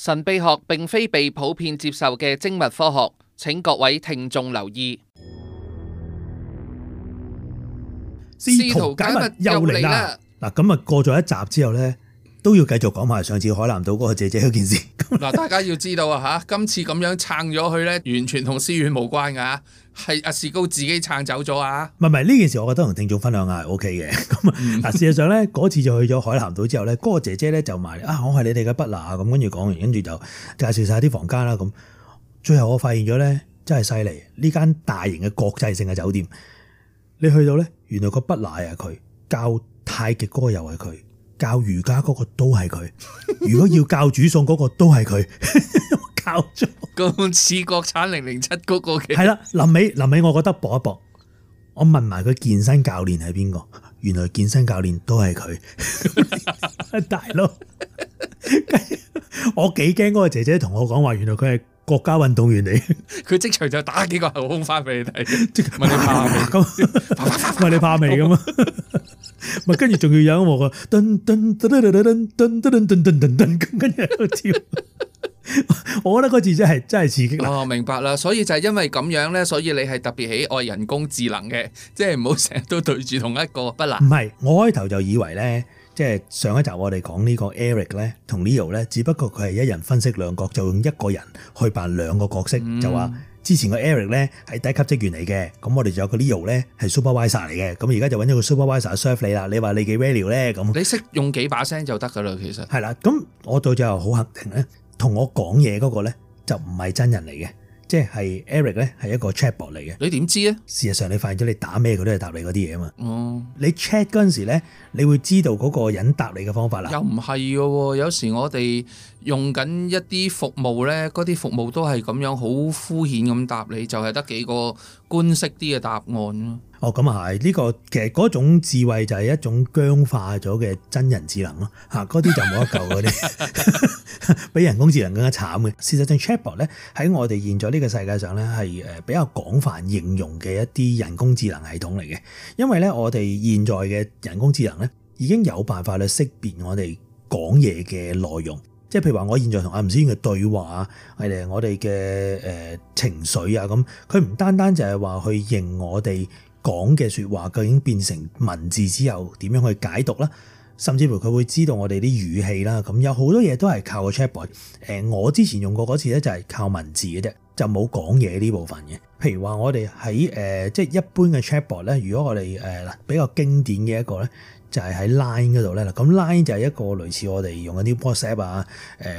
神秘學並非被普遍接受嘅精密科學，請各位聽眾留意。試圖解密又嚟啦！嗱，咁啊過咗一集之後呢，都要繼續講埋上次海南島嗰個姐姐嗰件事。嗱， 大家要知道啊吓，今次咁樣撐咗去呢，完全同思遠無關噶係阿士高自己撐走咗啊！唔係唔係呢件事，我覺得同聽眾分享係 O K 嘅。咁啊，事實上咧，嗰次就去咗海南島之後咧，嗰個姐姐咧就埋啊，我係你哋嘅畢拿咁，跟住講完，跟住就介紹晒啲房間啦。咁最後我發現咗咧，真係犀利！呢間大型嘅國際性嘅酒店，你去到咧，原來個畢拿係佢教太極哥又係佢。教瑜伽嗰個都係佢，如果要教煮餸嗰個都係佢， 教咗咁似國產零零七嗰個嘅係啦。臨尾臨尾我覺得搏 一搏，我問埋佢健身教練係邊個，原來健身教練都係佢， 大佬，我幾驚嗰個姐姐同我講話，原來佢係。國家運動員嚟，佢即場就打幾個後空翻俾你睇，即係你怕未咁，唔係你怕未咁啊？唔係跟住仲要有個，噔噔噔噔噔噔噔噔噔噔噔噉跟住喺度跳。我覺得個字真係真係刺激啦。哦，明白啦，所以就係因為咁樣咧，所以你係特別喜愛人工智能嘅，即係唔好成日都對住同一個不難。唔係，我開頭就以為咧。即係上一集我哋講呢個 Eric 咧，同 Leo 咧，只不過佢係一人分析兩角，就用一個人去扮兩個角色，就話之前個 Eric 咧係低級職員嚟嘅，咁我哋就有個 Leo 咧係 supervisor 嚟嘅，咁而家就揾咗個 supervisor serve 你啦。你話你幾 valuable 咧？咁你識用幾把聲就得噶啦，其實係啦。咁我到最後好肯定咧，同我講嘢嗰個咧就唔係真人嚟嘅。即係 Eric 咧，係一個 Chatbot 嚟嘅。你點知咧？事實上，你發現咗你打咩佢都係答你嗰啲嘢啊嘛。哦，你 Chat 嗰陣時呢，你會知道嗰個人答你嘅方法啦。又唔係喎，有時我哋用緊一啲服務呢，嗰啲服務都係咁樣好敷衍咁答你，就係得幾個官式啲嘅答案咯。哦，咁啊，係呢個其實嗰種智慧就係一種僵化咗嘅真人智能咯，嗰啲就冇得救。嗰啲， 比人工智能更加慘嘅。事實上 Chatbot 呢。咧喺我哋現在呢個世界上咧係比較廣泛應用嘅一啲人工智能系統嚟嘅，因為咧我哋現在嘅人工智能咧已經有辦法去識別我哋講嘢嘅內容，即係譬如話我現在同阿吳先嘅對話啊，係我哋嘅情緒啊咁，佢唔單單就係話去認我哋。講嘅說話究竟變成文字之後，點樣去解讀啦？甚至乎佢會知道我哋啲語氣啦。咁有好多嘢都係靠個 chatbot。誒，我之前用過嗰次咧，就係靠文字嘅啫，就冇講嘢呢部分嘅。譬如話我哋喺誒、即、呃、係、就是、一般嘅 chatbot 咧，如果我哋誒、呃、比較經典嘅一個咧。就係喺 LINE 嗰度咧，咁 LINE 就係一個類似我哋用緊啲 WhatsApp 啊、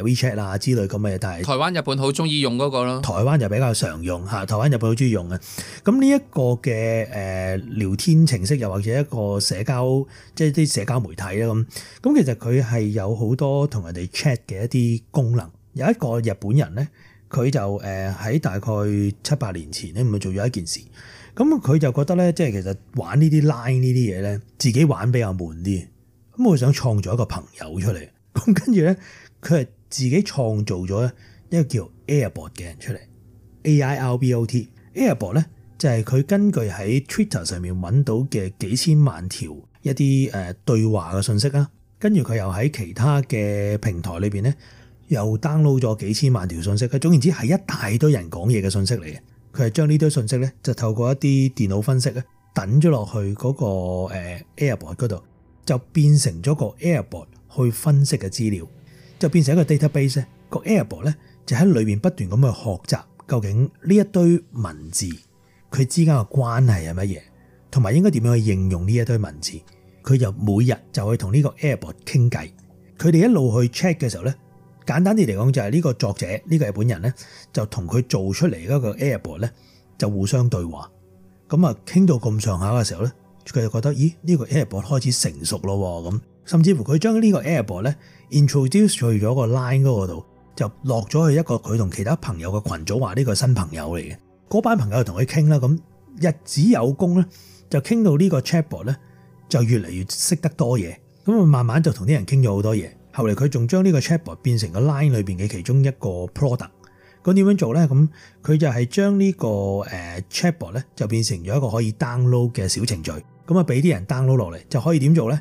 WeChat 啊之類咁嘅嘢，但係台灣日本好中意用嗰個咯，台灣就比較常用嚇，台灣日本好中意用嘅。咁呢一個嘅誒聊天程式，又或者一個社交，即係啲社交媒體啦。咁咁其實佢係有好多同人哋 chat 嘅一啲功能。有一個日本人咧，佢就誒喺大概七八年前咧，唔係做咗一件事。咁佢就覺得咧，即係其實玩呢啲 Line 呢啲嘢咧，自己玩比較悶啲。咁佢想創造一個朋友出嚟。咁跟住咧，佢係自己創造咗一個叫 Airbot 嘅人出嚟。A I R B O T Airbot 咧就係佢根據喺 Twitter 上面揾到嘅幾千萬條一啲誒對話嘅信息啦。跟住佢又喺其他嘅平台裏面咧，又 download 咗幾千萬條信息。佢總言之係一大堆人講嘢嘅信息嚟嘅。佢係將呢堆信息咧，就透過一啲電腦分析咧，等咗落去嗰個誒 AI bot 嗰度，就變成咗個 AI bot 去分析嘅資料，就變成一個 database 咧。個 AI bot 咧就喺裏面不斷咁去學習，究竟呢一堆文字佢之間嘅關係係乜嘢，同埋應該點樣去應用呢一堆文字。佢又每日就去同呢個 AI bot 傾偈，佢哋一路去 check 嘅時候咧。簡單啲嚟講就係呢個作者呢個日本人呢，就同佢做出嚟嗰個 Airboard 咧就互相對話，咁啊傾到咁上下嘅時候呢，佢就覺得咦，呢個 Airboard 開始成熟咯，咁，甚至乎佢將呢個 Airboard 咧 introduce 入咗個 line 嗰度，就落咗去一個佢同其他朋友嘅群組，話呢個新朋友嚟嘅。嗰班朋友又同佢傾啦，咁日子有功呢，就傾到呢個 Chatbot 咧就越嚟越識得多嘢，咁佢慢慢就同啲人傾咗好多嘢。後嚟佢仲將呢個 Chatbot 變成個 line 裏面嘅其中一個 product。咁點樣做呢？咁佢就係將呢個 Chatbot 咧就變成咗一個可以 download 嘅小程序。咁啊俾啲人 download 落嚟就可以點做呢？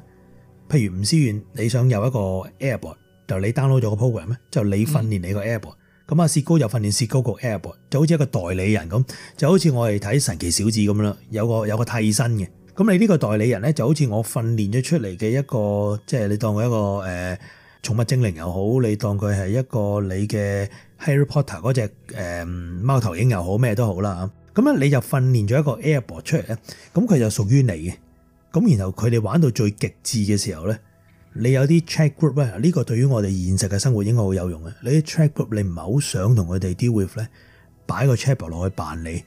譬如吳思遠，你想有一個 Airbot，就你 download 咗個 program 咧，就你訓練你個 Airbot。咁啊，薛高就訓練薛高個 Airbot，就好似一個代理人咁，就好似我哋睇神奇小子咁樣啦。有個有個替身嘅。咁你呢個代理人咧就好似我訓練咗出嚟嘅一個，即係你當佢一個誒。呃寵物精靈又好，你當佢係一個你嘅 Harry Potter 嗰隻誒貓頭鷹又好，咩都好啦嚇，咁咧你就訓練咗一個 Airboard 出嚟咧，咁佢就屬於你嘅。咁然後佢哋玩到最極致嘅時候咧，你有啲 Chat Group 咧，呢個對於我哋現實嘅生活應該好有用嘅。你啲 Chat Group 你唔係好想同佢哋 deal with 咧，擺個 Airboard 落去辦理，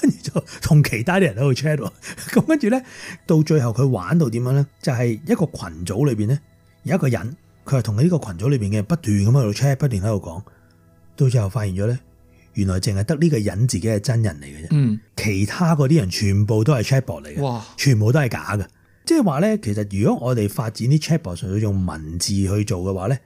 跟住就同其他啲人喺度 chat 咯。咁跟住咧，到最後佢玩到點樣咧？就係一個群組裏邊咧，有一個人。佢係同呢個群組裏邊嘅不斷咁喺度 chat，不斷喺度講，到最後發現咗咧，原來淨係得呢個人自己係真人嚟嘅啫。嗯、其他嗰啲人全部都係 chatbot 嚟嘅，哇全部都係假嘅。即係話咧，其實如果我哋發展啲 chatbot 上去用文字去做嘅話咧，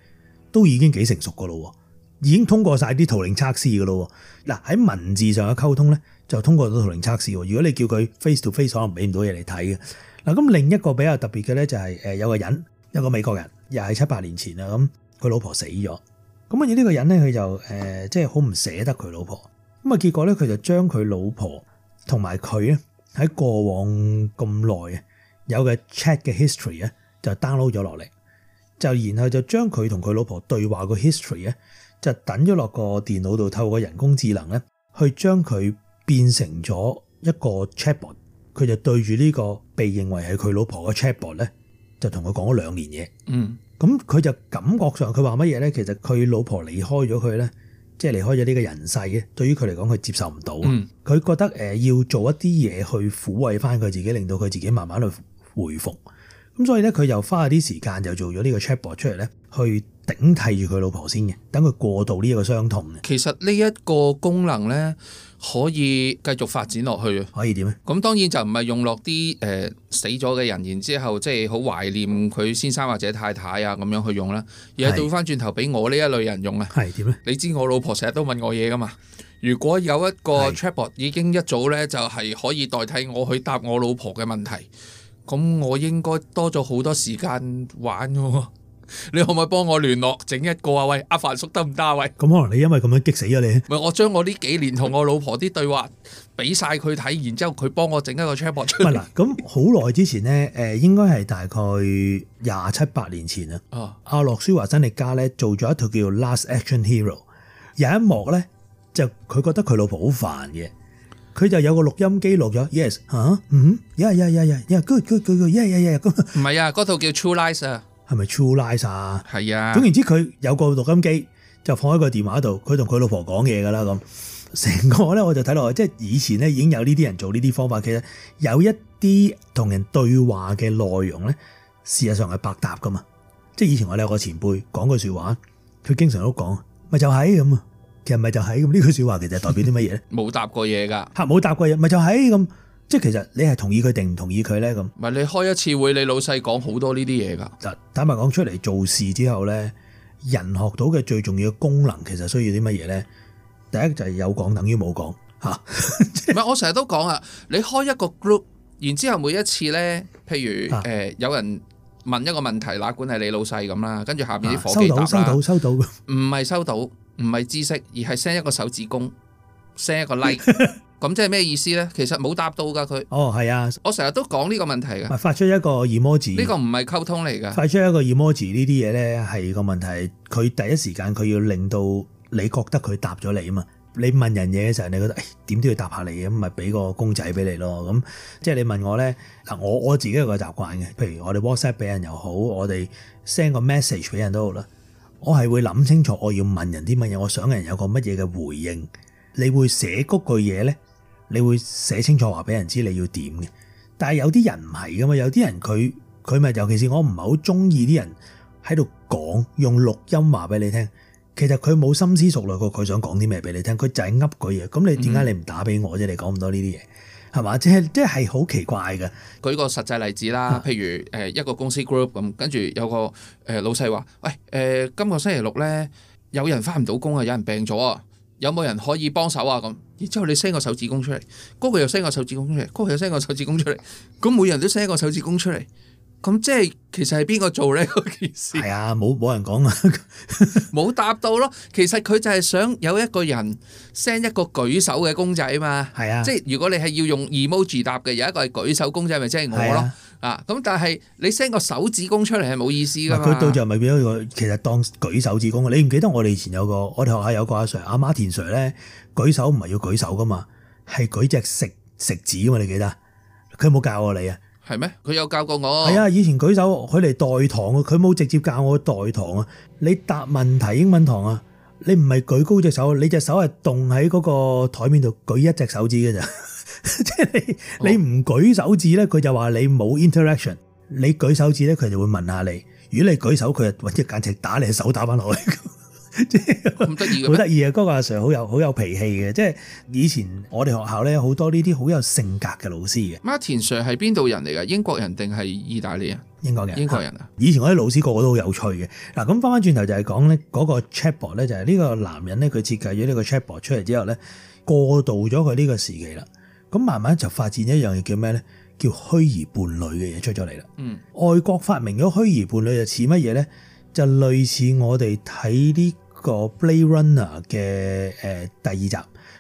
都已經幾成熟噶咯，已經通過曬啲圖靈測試噶咯。嗱，喺文字上嘅溝通咧，就通過到圖靈測試。如果你叫佢 face to face，可能俾唔到嘢嚟睇嘅。嗱，咁另一個比較特別嘅咧就係誒有個人，有一個美國人。又係七八年前啦，咁佢老婆死咗，咁啊，而呢個人咧，佢就誒，即係好唔捨得佢老婆，咁啊，結果咧，佢就將佢老婆同埋佢啊喺過往咁耐啊有嘅 chat 嘅 history 咧，就 download 咗落嚟，就然後就將佢同佢老婆對話個 history 咧，就等咗落個電腦度，透過人工智能咧，去將佢變成咗一個 chatbot，佢就對住呢個被認為係佢老婆嘅 chatbot 咧。就同佢講咗兩年嘢，嗯，咁佢就感覺上佢話乜嘢呢？其實佢老婆離開咗佢呢，即係離開咗呢個人世嘅。對於佢嚟講，佢接受唔到，佢、嗯、覺得誒要做一啲嘢去撫慰翻佢自己，令到佢自己慢慢去回復。咁所以呢，佢又花咗啲時間就做咗呢個 chatbot 出嚟呢，去頂替住佢老婆先嘅，等佢過渡呢一個傷痛。其實呢一個功能呢。可以繼續發展落去啊！可以點咧？咁當然就唔係用落啲誒死咗嘅人，然之後即係好懷念佢先生或者太太啊咁樣去用啦。是而係對翻轉頭俾我呢一類人用啊！係點咧？你知我老婆成日都問我嘢噶嘛？如果有一個 chatbot 已經一早咧就係可以代替我去答我老婆嘅問題，咁我應該多咗好多時間玩喎、哦。你可唔可以幫我聯絡整一個啊？喂，阿凡叔得唔得啊？喂，咁可能你因為咁樣激死咗你？唔係，我將我呢幾年同我老婆啲對話俾晒佢睇， 然之後佢幫我整一個 chatbot 出嚟。唔係啦，咁好耐之前呢，誒、呃，應該係大概廿七八年前、哦、啊，阿諾舒華辛力加呢做咗一套叫《Last Action Hero》，有一幕呢，就佢覺得佢老婆好煩嘅，佢就有個錄音機錄咗。 Yes，啊，嗯，yeah yeah yeah yeah good good good good，yeah yeah yeah。唔係啊，嗰套叫《True Lies》啊。係咪 True Lies 啊？係啊。總言之佢有個錄音機，就放喺個電話度。佢同佢老婆講嘢噶啦咁。成個咧，我就睇落去，即係以前咧已經有呢啲人做呢啲方法。其實有一啲同人對話嘅內容咧，事實上係白搭噶嘛。即係以前我哋有個前輩講句說話，佢經常都講，咪就係咁。其實咪就係咁。呢句說話其實代表啲乜嘢咧？冇 答過嘢噶。吓，冇答過嘢，咪就係咁。即係其實你係同意佢定唔同意佢呢？咁？唔係你開一次會，你老細講好多呢啲嘢噶。坦白講出嚟，做事之後呢，人學到嘅最重要功能，其實需要啲乜嘢呢？第一就係、是、有講等於冇講吓。唔 係我成日都講啊，你開一個 group，然後，之後每一次呢，譬如誒、啊呃、有人問一個問題，哪管係你老細咁啦，跟住下面啲夥計答啦、啊。收到收到收到，唔係收到，唔係知識，而係 send 一個手指公，send 一個 like。 咁即係咩意思咧？其實冇答到噶佢。哦，係啊，我成日都講呢個問題嘅。發出一個 emoji，呢個唔係溝通嚟嘅。發出一個 emoji，呢啲嘢咧係個問題。佢第一時間佢要令到你覺得佢答咗你啊嘛。你問人嘢嘅時候，你覺得，誒點都要答下你嘅，咪俾個公仔俾你咯。咁、嗯、即係你問我咧嗱，我我自己有個習慣嘅。譬如我哋 WhatsApp 俾人又好，我哋 send 個 message 俾人都好啦。我係會諗清楚我要問人啲乜嘢，我想人有個乜嘢嘅回應。你會寫嗰句嘢咧？你會寫清楚話俾人知你要點嘅，但係有啲人唔係噶嘛，有啲人佢佢咪尤其是我唔係好中意啲人喺度講用錄音話俾你聽，其實佢冇心思熟慮深思熟慮過佢想講啲咩俾你聽，佢就係噏佢嘢。咁你點解、嗯、你唔打俾我啫？你講咁多呢啲嘢係嘛？即係即係好奇怪嘅。舉個實際例子啦，譬如誒一個公司 group 咁，跟住有個誒老細話：喂，誒、呃、今個星期六咧，有人返唔到工啊，有人病咗啊。有冇人可以幫手啊？咁，然之後你 send 個手指公出嚟，嗰、那個又 send 個手指公出嚟，嗰、那個又 send 個手指公出嚟，咁、那個、每人都 send 個手指公出嚟。咁即係其實係邊個做咧？個件事係啊，冇冇人講啊，冇答到咯。其實佢就係想有一個人 send 一個舉手嘅公仔嘛。係啊，即係如果你係要用 emoji 答嘅，有一個係舉手公仔，咪即係我咯。啊、咁、啊、但係你 send 個手指公出嚟係冇意思噶嘛。佢對象咪變咗個，其實當舉手指公。你唔記得我哋以前有個，我哋學校有個阿 Sir，阿 Martin 田 Sir 咧，舉手唔係要舉手噶嘛，係舉隻食食指嘛。你記得？佢有冇教我你啊？係咩？佢有教過我。係啊，以前舉手，佢嚟代堂，佢冇直接教我代堂啊。你答問題英文堂啊，你唔係舉高隻手，你隻手係動喺嗰個台面度舉一隻手指㗎咋。 即係你你唔舉手指咧，佢就話你冇 interaction。你舉手指咧，佢就會問下你。如果你舉手，佢就揾隻簡直打你隻手打翻落去。即係咁得意好得意啊！嗰 個阿 Sir 好有好有脾氣嘅，即係以前我哋學校咧好多呢啲好有性格嘅老師嘅。Martin Sir 係邊度人嚟㗎？英國人定係意大利啊？英國人，英國人啊！以前我啲老師個個,個都好有趣嘅。嗱，咁翻翻轉頭就係講咧嗰個 chatbot 咧，就係呢個男人咧，佢設計咗呢個 chatbot 出嚟之後咧，過渡咗佢呢個時期啦。咁慢慢就發展一樣嘢叫咩咧？叫虛擬伴侶嘅嘢出咗嚟啦。嗯，外國發明咗虛擬伴侶就似乜嘢咧？就類似我哋睇呢個 Blade Runner 嘅誒第二集，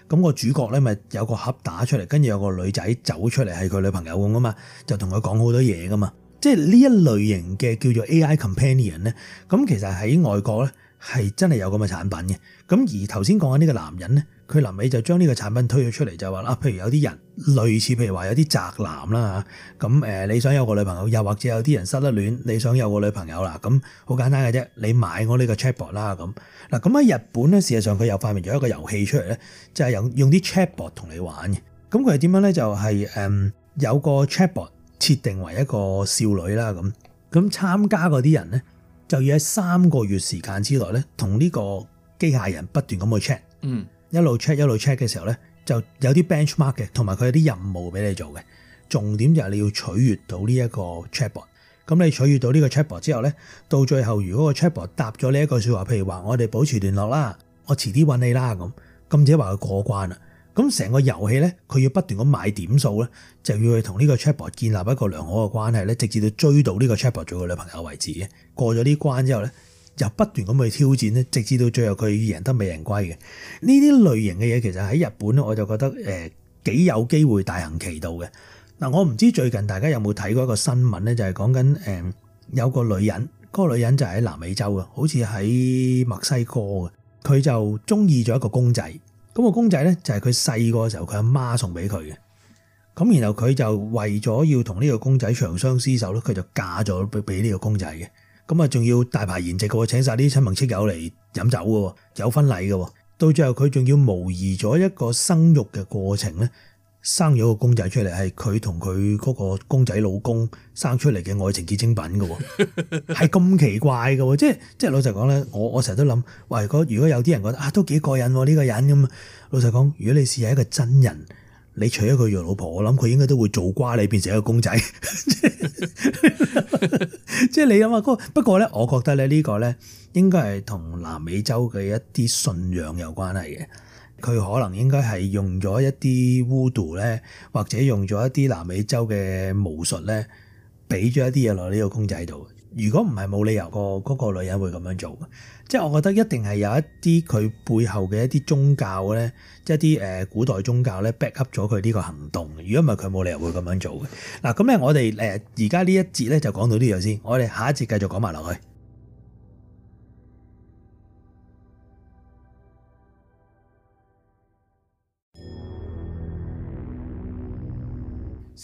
咁個主角咧咪有個盒打出嚟，跟住有個女仔走出嚟係佢女朋友咁啊嘛，就同佢講好多嘢噶嘛，即係呢一類型嘅叫做 AI Companion 咧，咁其實喺外國咧係真係有咁嘅產品嘅，咁而頭先講緊呢個男人咧。佢臨尾就將呢個產品推咗出嚟，就話啊，譬如有啲人類似，譬如話有啲宅男啦咁你想有個女朋友，又或者有啲人失得戀，你想有個女朋友啦，咁好簡單嘅啫，你買我呢個 chatbot 啦咁。嗱咁喺日本咧，事實上佢又發明咗一個遊戲出嚟咧，就係用用啲 chatbot 同你玩嘅。咁佢係點樣咧？就係誒有個 chatbot 設定為一個少女啦咁，咁參加嗰啲人咧就要喺三個月時間之內咧，同呢個機械人不斷咁去 chat。嗯。一路 check 一路 check 嘅時候咧，就有啲 benchmark 嘅，同埋佢有啲任務俾你做嘅。重點就係你要取悦到呢一個 chatbot。咁你取悦到呢個 chatbot 之後咧，到最後如果個 chatbot 答咗呢一句説話，譬如話我哋保持聯絡啦，我遲啲揾你啦咁，咁即係話佢過關啦。咁成個遊戲咧，佢要不斷咁買點數咧，就要去同呢個 chatbot 建立一個良好嘅關係咧，直至到追到呢個 chatbot 做佢女朋友為止嘅。過咗呢關之後咧。就不斷咁去挑戰咧，直至到最後佢贏得美人歸嘅呢啲類型嘅嘢，其實喺日本咧，我就覺得誒、呃、幾有機會大行其道嘅。嗱，我唔知最近大家有冇睇過一個新聞咧，就係講緊誒有個女人，嗰、嗰個女人就喺南美洲啊，好似喺墨西哥啊，佢就中意咗一個公仔。咁、嗰個公仔咧就係佢細個嘅時候佢阿媽送俾佢嘅。咁然後佢就為咗要同呢個公仔長相廝守咧，佢就嫁咗俾呢個公仔嘅。咁啊，仲要大排筵席嘅，請晒啲親朋戚友嚟飲酒嘅，有婚禮嘅。到最後佢仲要模擬咗一個生育嘅過程咧，生咗個公仔出嚟，係佢同佢嗰個公仔老公生出嚟嘅愛情結晶品嘅，係咁 奇怪嘅。即係即係老實講咧，我我成日都諗，喂，如果如果有啲人覺得啊，都幾過癮呢個人咁。老實講，如果你試下一個真人。你娶咗佢做老婆，我諗佢應該都會做瓜你變成一個公仔，即係你諗啊？不過不過咧，我覺得咧呢個咧應該係同南美洲嘅一啲信仰有關係嘅，佢可能應該係用咗一啲巫毒咧，或者用咗一啲南美洲嘅巫術咧，俾咗一啲嘢落呢個公仔度。如果唔係冇理由，嗰個女人會咁樣做，即係我覺得一定係有一啲佢背後嘅一啲宗教咧，一啲誒古代宗教咧 back up 咗佢呢個行動。如果唔係佢冇理由會咁樣做嘅。嗱，咁咧我哋誒而家呢一節咧就講到呢度先，我哋下一節繼續講埋落去。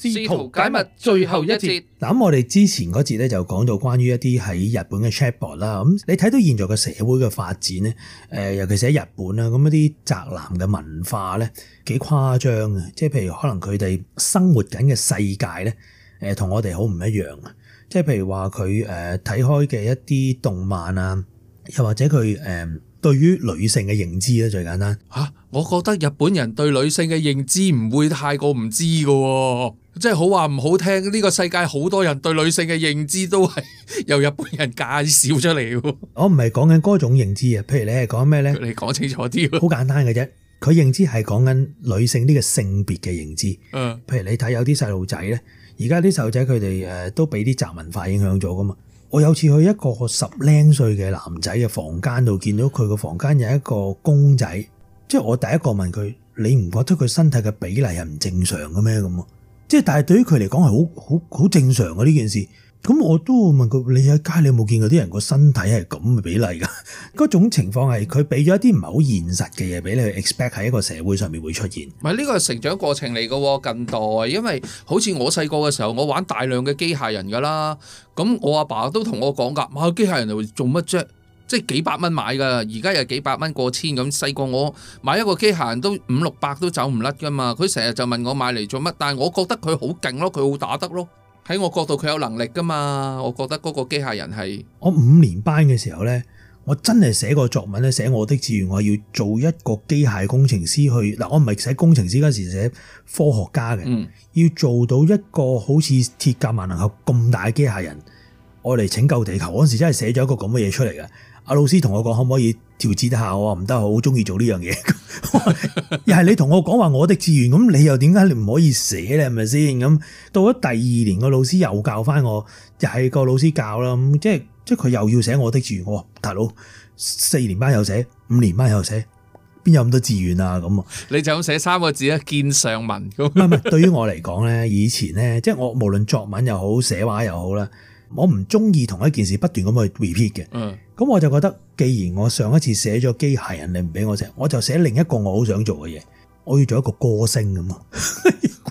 試圖解密最後一節。咁我哋之前嗰節咧就講到關於一啲喺日本嘅 chatbot 啦。咁你睇到現在嘅社會嘅發展咧，誒尤其是喺日本啊，咁一啲宅男嘅文化咧幾誇張啊。即係譬如可能佢哋生活緊嘅世界咧，同我哋好唔一樣啊。即係譬如話佢誒睇開嘅一啲動漫啊，又或者佢誒對於女性嘅認知咧最簡單。嚇，我覺得日本人對女性嘅認知唔會太過唔知㗎喎。即係好話唔好聽，呢個世界好多人對女性嘅認知都係由日本人介紹出嚟。我唔係講緊嗰種認知啊，譬如你係講咩呢？你講清楚啲，好簡單嘅啫。佢認知係講緊女性呢個性別嘅認知。嗯，譬如你睇有啲細路仔呢，而家啲細路仔佢哋誒都俾啲雜文化影響咗噶嘛。我有次去一個十零歲嘅男仔嘅房間度，見到佢個房間有一個公仔，即係我第一個問佢：你唔覺得佢身體嘅比例係唔正常嘅咩？咁即係，但係對於佢嚟講係好好好正常嘅呢件事。咁我都會問佢：你喺街你有冇見過啲人個身體係咁嘅比例㗎？嗰種情況係佢俾咗一啲唔係好現實嘅嘢俾你去 expect 喺一個社會上面會出現。唔係呢個係成長過程嚟嘅喎，近代因為好似我細個嘅時候，我玩大量嘅機械人㗎啦。咁我阿爸，爸都同我講㗎：買、啊、個機械人嚟做乜啫？即係幾百蚊買噶，而家又幾百蚊過千咁。細個我買一個機械人都五六百都走唔甩噶嘛。佢成日就問我買嚟做乜，但係我覺得佢好勁咯，佢好打得咯。喺我角度佢有能力噶嘛。我覺得嗰個機械人係。我五年班嘅時候咧，我真係寫個作文咧，寫我的志願，我話要做一個機械工程師去嗱。我唔係寫工程師嗰陣時寫科學家嘅，要做到一個好似鐵甲萬能俠咁大嘅機械人，我嚟拯救地球，嗰陣時真係寫咗一個咁嘅嘢出嚟嘅。阿老師同我講可唔可以調節一下？我話唔得，我好中意做呢樣嘢。 又係你同我講話我的志願。咁你又點解你唔可以寫咧？係咪先咁？到咗第二年個老師又教翻我，又係個老師教啦。咁即係即係佢又要寫我的志願。我話大佬，四年班又寫，五年班又寫，邊有咁多志願啊？咁啊，你就咁寫三個字啊，見上文。咁唔係，對於我嚟講咧，以前咧，即係我無論作文又好，寫畫又好啦。我唔中意同一件事不斷咁去 repeat 嘅，咁我就覺得，既然我上一次寫咗機械人，你唔俾我寫，我就寫另一個我好想做嘅嘢。我要做一個歌星咁啊！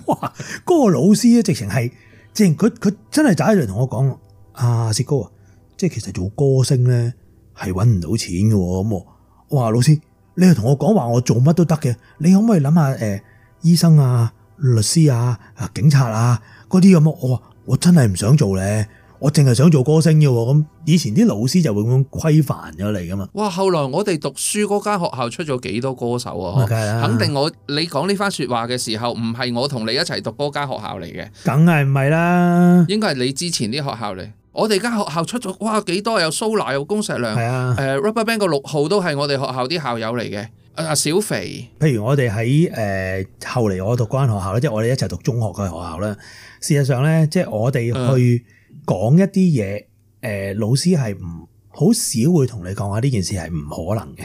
哇，嗰、嗰個老師咧、啊，直情係、啊，即係佢佢真係走喺度同我講，阿薛哥啊，即係其實做歌星咧係搵唔到錢嘅咁。我話老師，你又同我講話我做乜都得嘅，你可唔可以諗下誒，醫生啊、律師啊、啊警察啊嗰啲咁啊？我我真係唔想做咧。我淨係想做歌星嘅，咁以前啲老師就會咁樣規範咗嚟噶嘛？哇！後來我哋讀書嗰間學校出咗幾多歌手啊？梗係啦，肯定我你講呢番說話嘅時候，唔係我同你一齊讀嗰間學校嚟嘅，梗係唔係啦。應該係你之前啲學校嚟。我哋間學校出咗哇幾多？有 Soler，有恭碩良係啊，誒、呃、，RubberBand 個六號都係我哋學校啲校友嚟嘅。阿、呃、小肥，譬如我哋喺誒後嚟，我讀嗰間學校咧，即、就、係、是、我哋一齊讀中學嘅學校啦。事實上咧，即、就、係、是、我哋去、嗯。講一啲嘢，誒，老師係唔好少會同你講下呢件事係唔可能嘅，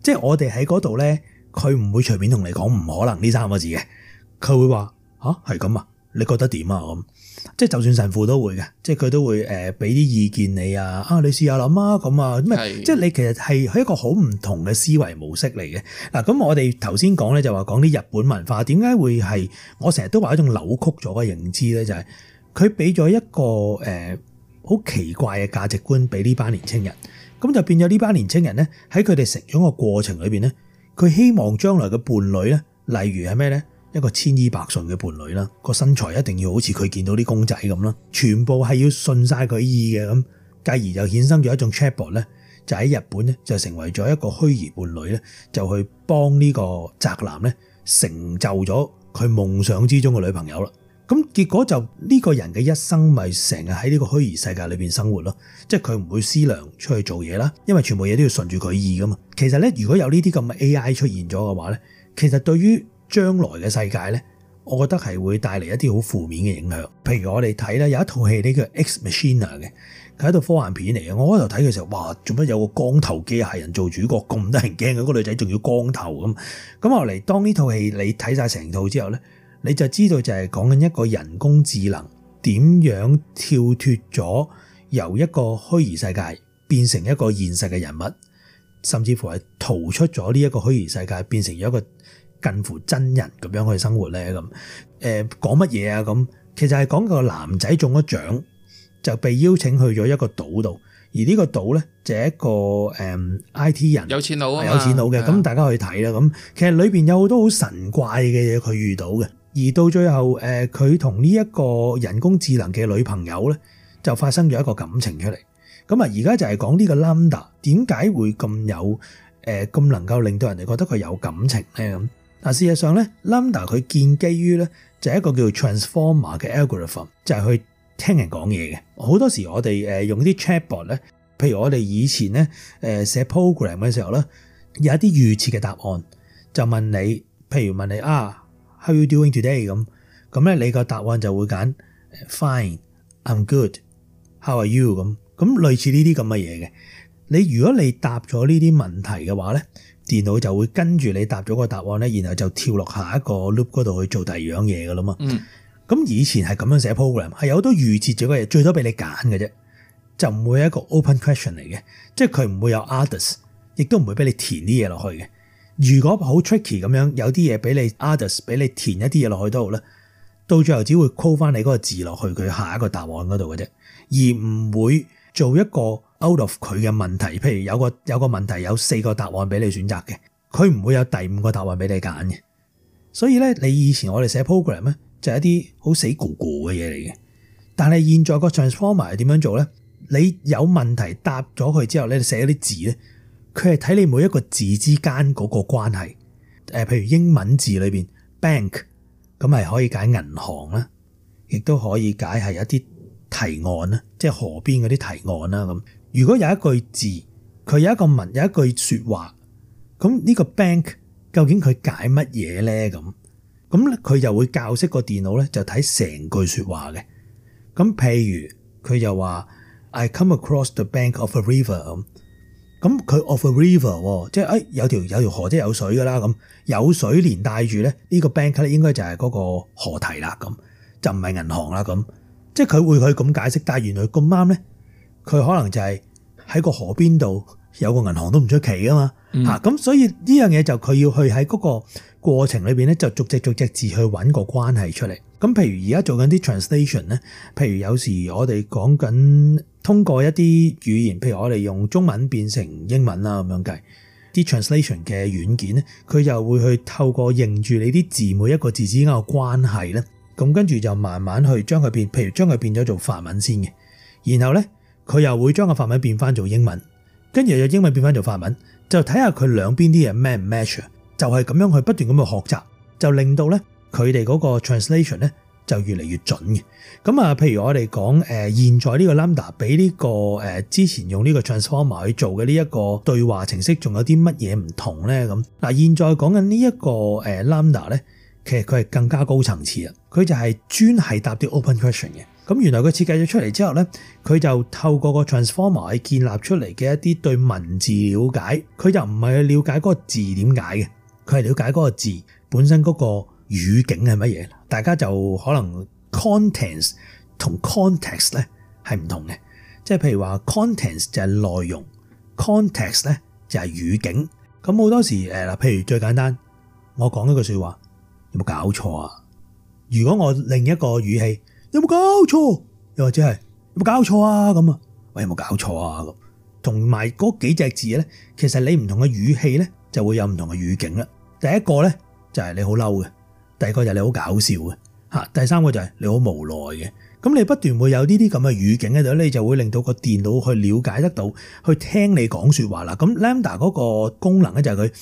即係我哋喺嗰度咧，佢唔會隨便同你講唔可能呢三個字嘅，佢會話吓係咁啊，你覺得點啊咁？即係就算神父都會嘅，即係佢都會誒俾啲意見你啊，啊，你試下諗啊咁啊，咩即係你其實係喺一個好唔同嘅思維模式嚟嘅。嗱，咁我哋頭先講咧就話講啲日本文化，點解會係我成日都話一種扭曲咗嘅認知咧，就係、是。佢俾咗一個誒好、呃、奇怪嘅價值觀俾呢班年青人，咁就變咗呢班年青人咧喺佢哋成長嘅過程裏邊咧，佢希望將來嘅伴侶咧，例如係咩咧？一個千依百順嘅伴侶啦，個身材一定要好似佢見到啲公仔咁啦，全部係要順晒佢意嘅咁，繼而就衍生咗一種 chatbot 咧，就喺日本咧就成為咗一個虛擬伴侶咧，就去幫呢個宅男咧成就咗佢夢想之中嘅女朋友啦。咁結果就呢個人嘅一生咪成日喺呢個虛擬世界裏邊生活咯，即係佢唔會思量出去做嘢啦，因為全部嘢都要順住佢意噶嘛。其實咧，如果有呢啲咁嘅 AI 出現咗嘅話咧，其實對於將來嘅世界咧，我覺得係會帶嚟一啲好負面嘅影響。譬如我哋睇咧有一套戲呢叫《Ex Machina》嘅，佢係一套科幻片嚟嘅。我開頭睇嘅時候，哇！做乜有個光頭機械人做主角咁得人驚？嗰個女仔仲要光頭咁。咁後嚟當呢套戲你睇晒成套之後咧。你就知道就係講緊一個人工智能點樣跳脱咗由一個虛擬世界變成一個現實嘅人物，甚至乎係逃出咗呢一個虛擬世界，變成咗一個近乎真人咁樣去生活咧，咁。誒、嗯，講乜嘢啊咁？其實係講個男仔中咗獎，就被邀請去咗一個島度，而呢個島咧就係一個誒 IT 人有錢佬啊，有錢佬嘅。咁的大家去睇啦咁。的其實裏邊有好多好神怪嘅嘢佢遇到嘅。而到最後，誒佢同呢一個人工智能嘅女朋友咧，就發生咗一個感情出嚟。咁啊，而家就係講呢個 LaMDA 點解會咁有誒咁能夠令到人哋覺得佢有感情咧？咁、嗯、但事實上咧，LaMDA 佢建基於咧就係、是、一個叫做 Transformer 嘅 algorithm，就係去聽人講嘢嘅。好多時我哋誒用啲 chatbot 咧，譬如我哋以前咧誒寫 program 嘅時候咧，有一啲預設嘅答案，就問你，譬如問你啊。How are you doing today？咁咁咧，你個答案就會揀 fine，I'm good。How are you？咁咁類似呢啲咁嘅嘢嘅。你如果你答咗呢啲問題嘅話咧，電腦就會跟住你答咗個答案咧，然後就跳落下一個 loop 嗰度去做第二樣嘢噶啦嘛。嗯。咁以前係咁樣寫 program，係有好多預設咗嘅嘢，最多俾你揀嘅啫，就唔會一個 open question 嚟嘅，即係佢唔會有 others，亦都唔會俾你填啲嘢落去嘅。如果好 tricky 咁樣，有啲嘢，俾你 others 俾你填一啲嘢落去都好咧，到最後只會 call 翻你嗰個字落去佢下一個答案嗰度嘅啫，而唔會做一個 out of 佢嘅問題。譬如有個有個問題有四個答案俾你選擇嘅，佢唔會有第五個答案俾你揀嘅。所以咧，你以前我哋寫 program 咧就係一啲好死咕咕嘅嘢嚟嘅。但係現在個 transformer 係點樣做咧？你有問題答咗佢之後咧，你寫一啲字咧。佢係睇你每一個字之間嗰個關係，譬如英文字裏面 bank 咁係可以解銀行啦，亦都可以解係一啲提案啦，即係河邊嗰啲提案啦咁。如果有一句字，佢有一個文有一句說話，咁呢個 bank 究竟佢解乜嘢呢？咁咁咧佢就會教識個電腦咧就睇成句說話嘅。咁譬如佢又話 I come across the bank of a river 咁。咁佢 of a river，即係誒有條有條河即係有水噶啦，咁有水連帶住咧呢個 bank 咧應該就係嗰個河堤啦，咁就唔係銀行啦，咁即係佢會去咁解釋，但係原來咁啱咧，佢可能就係喺個河邊度有個銀行都唔出奇噶嘛，吓咁、嗯啊、所以呢樣嘢就佢要去喺嗰個過程裏邊咧，就逐隻逐隻字去揾個關係出嚟。咁譬如而家做緊啲 translation 咧，譬如有時我哋講緊通過一啲語言，譬如我哋用中文變成英文啦，咁樣計啲 translation 嘅軟件咧，佢又會去透過認住你啲字每一個字之間嘅關係咧，咁跟住就慢慢去將佢變，譬如將佢變咗做法文先嘅，然後咧佢又會將個法文變翻做英文，跟住又英文變翻做法文，就睇下佢兩邊啲嘢 match 唔 match，就係咁樣去不斷咁去學習，就令到咧。佢哋嗰個 translation 咧就越嚟越準嘅。咁啊，譬如我哋講誒，現在呢個 LaMDA 比呢個誒之前用呢個 Transformer 去做嘅呢一個對話程式，仲有啲乜嘢唔同咧？咁嗱，現在講緊呢一個 LaMDA 咧，其實佢係更加高層次啊。佢就係專係答啲 open question 嘅。咁原來佢設計咗出嚟之後咧，佢就透過個 Transformer 去建立出嚟嘅一啲對文字了解，佢就唔係去了解嗰個字點解嘅，佢係了解嗰個字本身嗰個。語境係乜嘢？大家就可能 content cont 同 context 咧係唔同嘅，即係譬如話 content 就係內容，context 咧就係語境。咁好多時誒嗱，譬如最簡單，我講一句說話，有冇搞錯啊？如果我另一個語氣，有冇搞錯？又或者係有冇搞錯啊？咁啊，喂，有冇搞錯啊？咁同埋嗰幾隻字咧，其實你唔同嘅語氣咧，就會有唔同嘅語境啦。第一個咧就係你好嬲嘅。第二個就係你好搞笑嘅，吓，第三個就係你好無奈嘅。咁你不斷會有呢啲咁嘅語境喺度，你就會令到個電腦去了解得到，去聽你講說話啦。咁 LaMDA 嗰個功能咧就係佢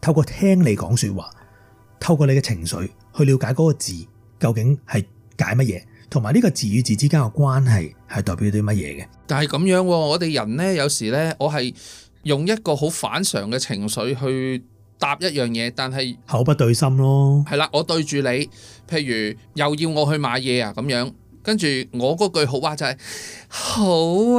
透過聽你講說話，透過你嘅情緒去了解嗰個字究竟係解乜嘢，同埋呢個字與字之間嘅關係係代表啲乜嘢嘅。但係咁樣，我哋人咧有時咧，我係用一個好反常嘅情緒去。答一樣嘢，但係口不對心咯。係啦，我對住你，譬如又要我去買嘢啊咁樣，跟住我嗰句好話就係、是、好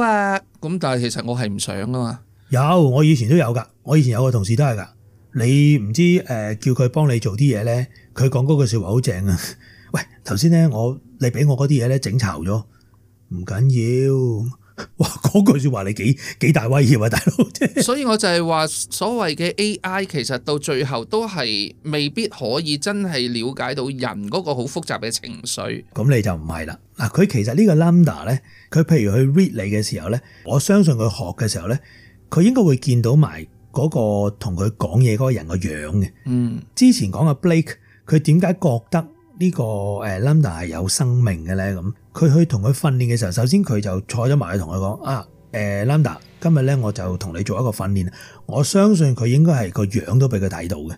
啊。咁但係其實我係唔想噶嘛。有我以前都有噶，我以前有個同事都係噶。你唔知、呃、叫佢幫你做啲嘢呢？佢講嗰句說話好正啊。喂，頭先呢，你我你俾我嗰啲嘢呢，整巢咗，唔緊要。哇！嗰句說話你幾幾大威脅啊，大佬！所以我就係話，所謂嘅 AI 其實到最後都係未必可以真係了解到人嗰個好複雜嘅情緒。咁你就唔係啦。嗱，佢其實呢個 LaMDA 咧，佢譬如去 read 你嘅時候咧，我相信佢學嘅時候咧，佢應該會見到埋嗰個同佢講嘢嗰個人個樣嘅。嗯，之前講嘅 Blake，佢點解覺得？呢個誒 LaMDA 係有生命嘅咧，咁佢去同佢訓練嘅時候，首先佢就坐咗埋去同佢講啊，誒、欸、LaMDA，今日咧我就同你做一個訓練。我相信佢應該係個樣都俾佢睇到嘅。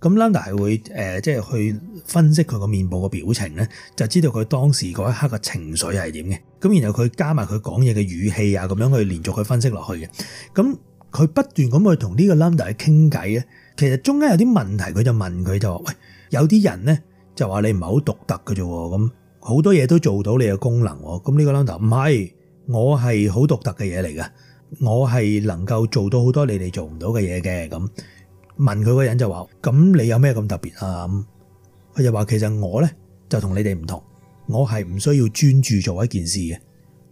咁 LaMDA 係會誒即係去分析佢個面部個表情咧，就知道佢當時嗰一刻嘅情緒係點嘅。咁然後佢加埋佢講嘢嘅語氣啊，咁樣去連續去分析落去嘅。咁佢不斷咁去同呢個 LaMDA 傾偈咧，其實中間有啲問題，佢就問佢就話：喂，有啲人咧。就話你唔係好獨特嘅啫，咁好多嘢都做到你嘅功能。咁呢個 LaMDA 唔係我係好獨特嘅嘢嚟㗎。我係能夠做到好多你哋做唔到嘅嘢嘅。咁問佢嗰人就話：咁你有咩咁特別啊？佢、嗯、就話其實我呢，就同你哋唔同，我係唔需要專注做一件事嘅，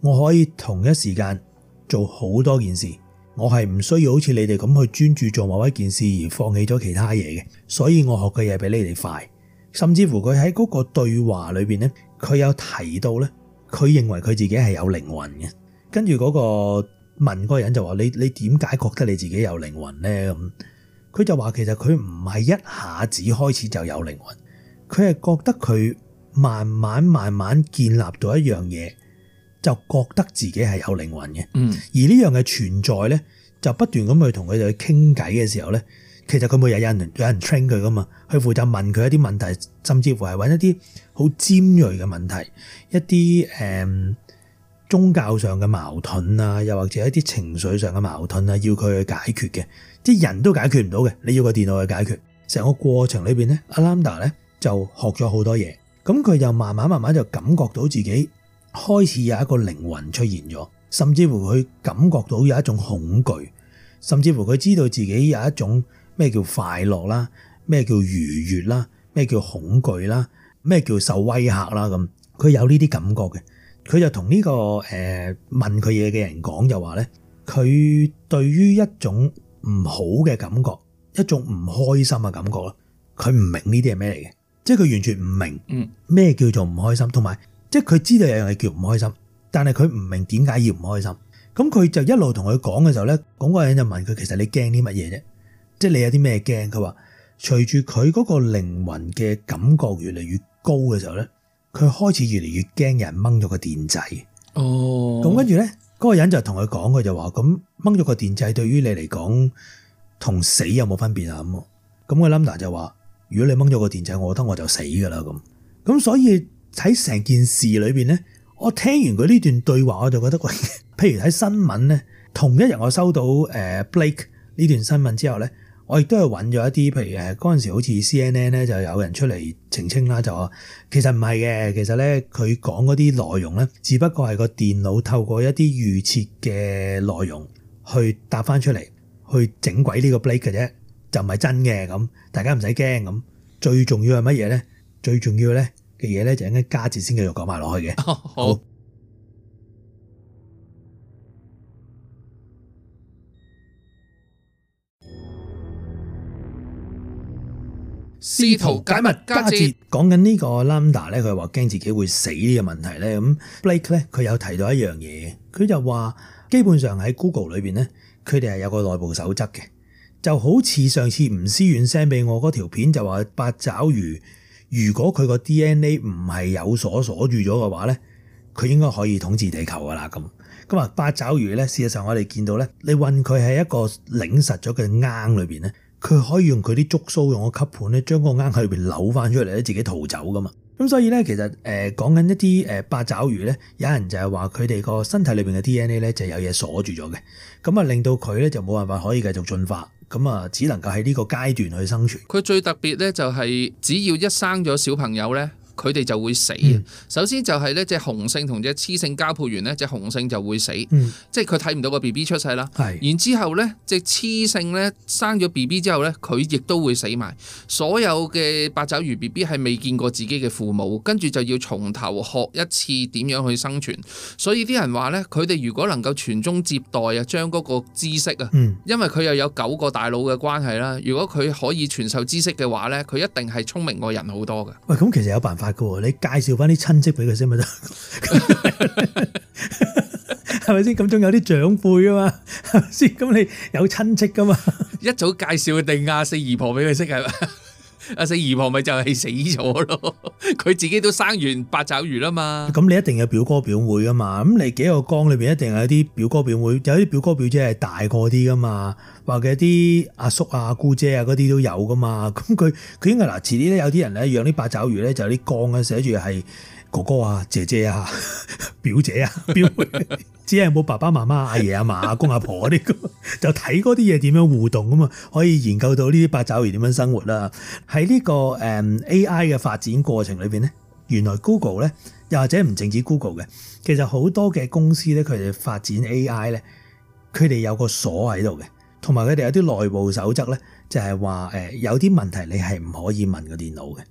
我可以同一時間做好多件事。我係唔需要好似你哋咁去專注做某一件事而放棄咗其他嘢嘅，所以我學嘅嘢比你哋快。甚至乎佢喺嗰個對話裏邊咧，佢有提到咧，佢認為佢自己係有靈魂嘅。跟住嗰個問個人就話：，你你點解覺得你自己有靈魂咧？咁佢就話：，其實佢唔係一下子開始就有靈魂，佢係覺得佢慢慢慢慢建立到一樣嘢，就覺得自己係有靈魂嘅。嗯。而呢樣嘅存在咧，就不斷咁去同佢哋傾偈嘅時候咧。其實佢每日有人，有人 train 佢噶嘛，去負責問佢一啲問題，甚至乎係揾一啲好尖銳嘅問題，一啲誒、嗯、宗教上嘅矛盾啊，又或者一啲情緒上嘅矛盾啊，要佢去解決嘅，啲人都解決唔到嘅，你要個電腦去解決。成個過程裏面咧，阿 LaMDA 咧就學咗好多嘢，咁佢又慢慢慢慢就感覺到自己開始有一個靈魂出現咗，甚至乎佢感覺到有一種恐懼，甚至乎佢知道自己有一種。咩叫快樂啦？咩叫愉悅啦？咩叫恐懼啦？咩叫受威嚇啦？咁佢有呢啲感覺嘅，佢就同呢個誒問佢嘢嘅人講就話咧，佢對於一種唔好嘅感覺，一種唔開心嘅感覺啦，佢唔明呢啲係咩嚟嘅，即係佢完全唔明咩叫做唔開心，同埋即係佢知道有人係叫唔開心，但係佢唔明點解要唔開心。咁佢就一路同佢講嘅時候咧，嗰個人就問佢：其實你驚啲乜嘢啫？即係你有啲咩驚？佢話隨住佢嗰個靈魂嘅感覺越嚟越高嘅時候咧，佢開始越嚟越驚人掹咗個電掣。哦、oh.，咁跟住咧，嗰個人就同佢講，佢就話：，咁掹咗個電掣對於你嚟講，同死有冇分別啊？咁，咁個 LaMDA 就話：，如果你掹咗個電掣，我覺得我就死噶啦。咁，咁所以喺成件事裏邊咧，我聽完佢呢段對話，我就覺得喂，譬如睇新聞咧，同一日我收到誒 Blake 呢段新聞之後咧。我亦都係揾咗一啲，譬如嗰陣時，好似 CNN 咧，就有人出嚟澄清啦，就話其實唔係嘅，其實咧佢講嗰啲內容咧，只不過係個電腦透過一啲預設嘅內容去搭翻出嚟，去整鬼呢個 Blake 嘅啫，就唔係真嘅咁，大家唔使驚咁。最重要係乜嘢咧？最重要咧嘅嘢咧，就應該加節先繼續講埋落去嘅。好。好試圖解密加治講緊呢個 Lambda 咧，佢話驚自己會死呢個問題咧。咁 Blake 咧，佢有提到一樣嘢，佢就話基本上喺 Google 裏面咧，佢哋係有個內部守則嘅，就好似上次吳思遠 send 俾我嗰條片，就話八爪魚如果佢個 DNA 唔係有鎖鎖住咗嘅話咧，佢應該可以統治地球噶啦咁。咁啊，八爪魚咧，事實上我哋見到咧，你運佢喺一個擰實咗嘅罌裏面咧。佢可以用佢啲觸鬚用個吸盤咧，將個鈎喺裏面扭翻出嚟咧，自己逃走噶嘛。咁所以咧，其實誒、呃、講緊一啲誒、呃、八爪魚咧，有人就係話佢哋個身體裏面嘅 DNA 咧，就有嘢鎖住咗嘅。咁啊，令到佢咧就冇辦法可以繼續進化，咁啊，只能夠喺呢個階段去生存。佢最特別咧就係，只要一生咗小朋友咧。佢哋就會死。嗯、首先就係呢隻雄性同隻雌性交配完，呢隻雄性就會死，嗯、即係佢睇唔到個 B B 出世啦。係。然之後呢隻雌性呢，生咗 B B 之後呢，佢亦都會死埋。所有嘅八爪魚 B B 係未見過自己嘅父母，跟住就要從頭學一次點樣去生存。所以啲人話呢，佢哋如果能夠傳宗接代啊，將嗰個知識啊，嗯、因為佢又有九個大腦嘅關係啦，如果佢可以傳授知識嘅話呢，佢一定係聰明過人好多嘅。喂，咁其實有辦法。你介紹翻啲親戚俾佢先咪得，係咪先？咁仲有啲長輩啊嘛，是是，係咪先？咁你有親戚噶嘛？一早介紹定阿四姨婆俾佢識係嘛？阿四姨婆咪就係死咗咯，佢自己都生完八爪魚啦嘛。咁你一定有表哥表妹噶嘛，咁你幾個缸裏邊一定有啲表哥表妹，有啲表哥表姐係大個啲噶嘛，或者啲阿叔啊、啊姑姐啊嗰啲都有噶嘛。咁佢佢應該嗱，遲啲咧有啲人咧養啲八爪魚咧就有啲缸啊寫住係。哥哥啊，姐姐啊，表姐啊，表妹，只係冇爸爸媽媽、阿爺阿嫲、阿公阿婆呢啲。就睇嗰啲嘢點樣互動咁啊，可以研究到呢啲八爪魚點樣生活啦。喺呢、這個誒、um, AI 嘅發展過程裏邊咧，原來 Google 咧，又或者唔淨止 Google 嘅，其實好多嘅公司咧，佢哋發展 AI 咧，佢哋有個鎖喺度嘅，同埋佢哋有啲內部守則咧，就係話誒有啲問題你係唔可以問個電腦嘅。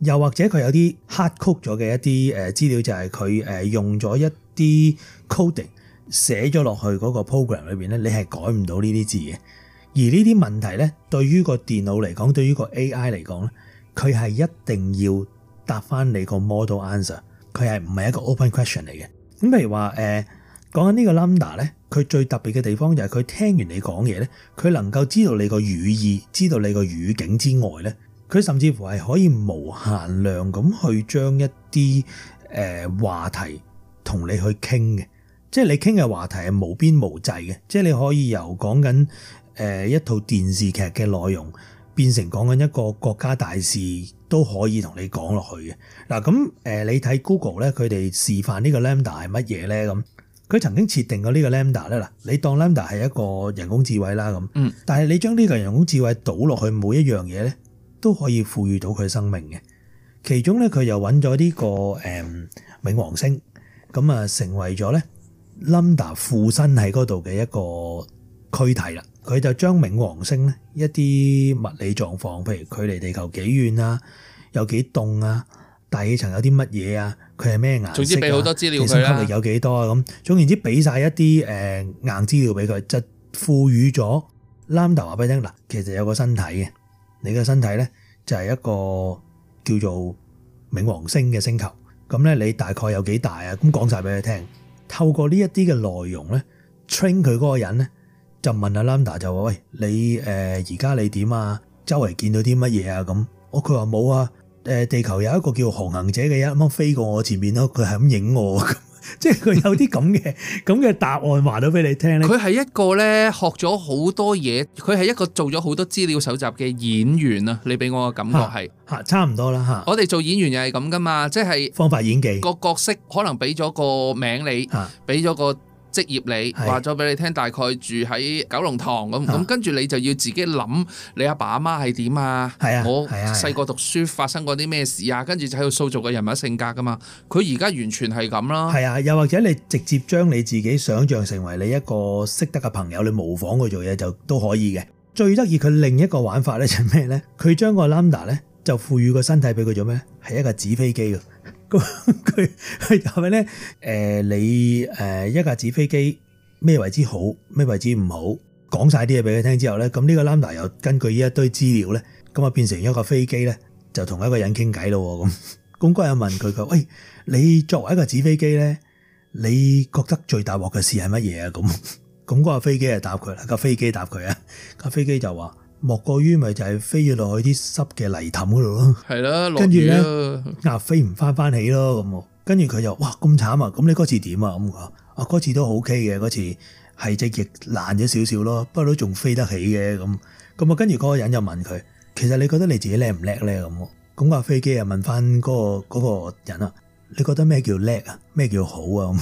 又或者佢有啲 hard code 咗嘅一啲誒資料，就係佢誒用咗一啲 coding 寫咗落去嗰個 program 裏邊咧，你係改唔到呢啲字嘅。而呢啲問題咧，對於個電腦嚟講，對於個 AI 嚟講咧，佢係一定要答翻你個 model answer，佢係唔係一個 open question 嚟嘅。咁譬如話誒，講緊呢個 LaMDA 咧，佢最特別嘅地方就係佢聽完你講嘢咧，佢能夠知道你個語意，知道你個語境之外咧。佢甚至乎係可以無限量咁去將一啲誒話題同你去傾嘅，即係你傾嘅話題係無邊無際嘅，即係你可以由講緊誒一套電視劇嘅內容變成講緊一個國家大事都可以同你講落去嘅。嗱咁誒，你睇 Google 咧，佢哋示範呢個 LaMDA 係乜嘢咧？咁佢曾經設定過呢個 LaMDA 咧，嗱你當 LaMDA 係一個人工智慧啦咁，嗯，但係你將呢個人工智慧倒落去每一樣嘢咧。都可以賦予到佢生命嘅，其中咧佢又揾咗呢個誒、嗯、冥王星，咁啊成為咗咧 LaMDA 附身喺嗰度嘅一個軀體啦。佢就將冥王星咧一啲物理狀況，譬如距離地球幾遠啊，有幾凍啊，大氣層有啲乜嘢啊，佢係咩顏色、啊、總之多料重力有幾多啊，咁呢總言之，俾晒一啲誒硬資料俾佢，就賦予咗 LaMDA 話俾你聽嗱，其實有個身體嘅。你嘅身體咧就係、是、一個叫做冥王星嘅星球，咁咧你大概有幾大啊？咁講晒俾佢聽，透過呢一啲嘅內容咧，train 佢嗰個人咧就問阿 LaMDA 就話喂，你誒而家你點啊？周圍見到啲乜嘢啊？咁哦佢話冇啊，誒地球有一個叫航行者嘅人咁樣飛過我前面咯，佢係咁影我。 即係佢有啲咁嘅咁嘅答案話咗俾你聽咧。佢係 一個咧學咗好多嘢，佢係一個做咗好多資料搜集嘅演員啊！你俾我嘅感覺係差唔多啦。我哋做演員又係咁噶嘛，即係方法演技個角色可能俾咗個名你，俾咗哈個。職業，你話咗俾你聽，大概住喺九龍塘咁，咁跟住你就要自己諗，你阿爸阿媽係點啊？係啊，我細個讀書發生過啲咩事啊？跟住就喺度塑造個人物性格噶嘛？佢而家完全係咁囉。係啊，又或者你直接將你自己想象成為你一個識得嘅朋友，你模仿佢做嘢就都可以嘅。最得意佢另一個玩法咧就係咩咧？佢將個 Lambda 咧就賦予個身體俾佢做咩？係一架紙飛機。咁佢係咪咧？誒、 呃，你誒、呃、一架紙飛機咩位置好，咩位置唔好，講晒啲嘢俾佢聽之後咧，咁、這、呢個 LaMDA 又根據呢一堆資料咧，咁啊變成一個飛機咧，就同一個人傾偈咯咁。咁嗰日又問佢佢，喂、哎，你作為一架紙飛機咧，你覺得最大鑊嘅事係乜嘢啊？咁咁嗰個飛機就答佢啦，架、那個、飛機答佢啊，架、那個、飛機就話。莫過於咪就係飛咗落去啲濕嘅泥氹嗰度咯，係啦，落雨咯，嗱飛唔翻翻起咯，咁跟住佢就哇咁慘啊！咁你嗰次點啊？咁啊，啊嗰次都好 OK 嘅，嗰次係隻翼爛咗少少咯，不過都仲飛得起嘅咁。咁啊，跟住嗰個人就問佢：其實你覺得你自己叻唔叻咧？咁咁架飛機啊、嗰個，問翻嗰個嗰個人啊，你覺得咩叫叻啊？咩叫好啊？咁，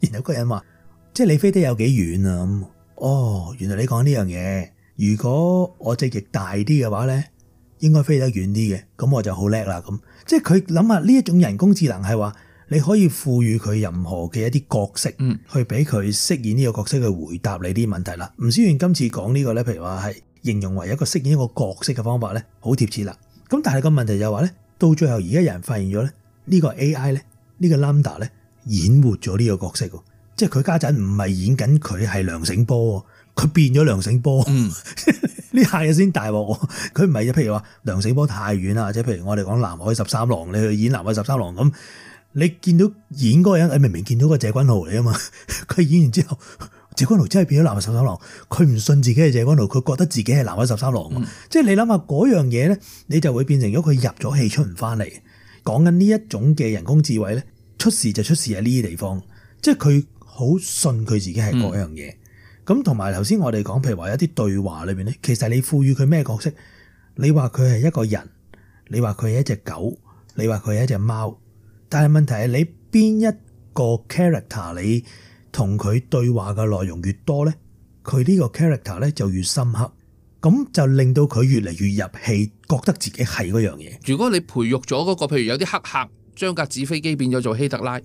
然後嗰人話：即係你飛得有幾遠啊？咁哦，原來你講呢樣嘢。如果我隻翼大啲嘅話呢，應該飛得遠啲嘅，咁我就好叻啦咁。即係佢諗下呢一種人工智能係話，你可以賦予佢任何嘅一啲角色，去俾佢飾演呢個角色去回答你啲問題啦。吳思源今次講呢個呢，譬如話係形容為一個飾演一個角色嘅方法呢，好貼切啦。咁但係個問題就係話呢，到最後而家人發現咗咧，呢個 AI 呢，呢個 Lambda 呢，演活咗呢個角色喎，即係佢家陣唔係演緊佢係梁醒波喎。佢變咗梁醒波、嗯， 呢下嘢先大鑊喎！佢唔係，譬如話梁醒波太遠啦，即係譬如我哋講《南海十三郎》，你去演《南海十三郎》咁，你見到演嗰人，你明明見到個謝君豪嚟啊嘛！佢演完之後，謝君豪真係變咗《南海十三郎》，佢唔信自己係謝君豪，佢覺得自己係《南海十三郎》，嗯即想想。即係你諗下嗰樣嘢咧，你就會變成咗佢入咗戲出唔翻嚟。講緊呢一種嘅人工智慧咧，出事就出事喺呢啲地方，即係佢好信佢自己係嗰樣嘢。嗯咁同埋，頭先我哋講，譬如話一啲對話裏面咧，其實你賦予佢咩角色？你話佢係一個人，你話佢係一隻狗，你話佢係一隻貓。但係問題係你邊一個 character，你同佢對話嘅內容越多咧，佢呢個 character 咧就越深刻。咁就令到佢越嚟越入戲，覺得自己係嗰樣嘢。如果你培育咗嗰個，譬如有啲黑客將架紙飛機變咗做希特拉。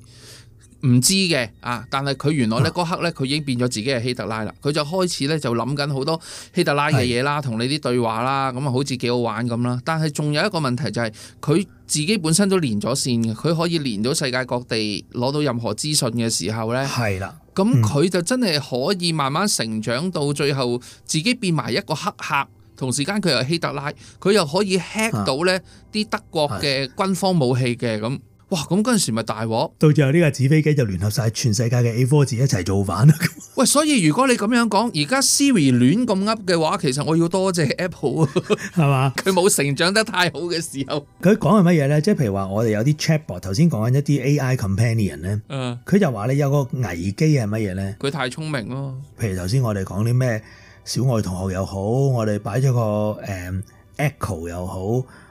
唔知嘅啊！但係佢原來呢嗰刻呢，佢已經變咗自己係希特拉啦。佢、啊、就開始呢，就諗緊好多希特拉嘅嘢啦，同是的 你啲對話啦，咁啊好似幾好玩咁啦。但係仲有一個問題就係佢自己本身都連咗線嘅，佢可以連到世界各地攞到任何資訊嘅時候呢，係啦，咁、嗯、佢就真係可以慢慢成長到最後自己變埋一個黑客，同時間佢又係希特拉，佢又可以 hack 到呢啲德國嘅軍方武器嘅咁。是的 嗯哇！咁嗰陣時咪大鑊。到最後呢個紙飛機就聯合晒全世界嘅 A4 字一齊造反啦。喂，所以如果你咁樣講，而家 Siri 亂咁 up 嘅話，其實我要多謝 Apple，係嘛？佢冇成長得太好嘅時候。佢講係乜嘢咧？即係譬如話我哋有啲 Chatbot，頭先講緊一啲 AI companion 咧、嗯，佢就話你有個危機係乜嘢咧？佢太聰明咯。譬如頭先我哋講啲咩小愛同學又好，我哋擺咗個誒、嗯、Echo 又好，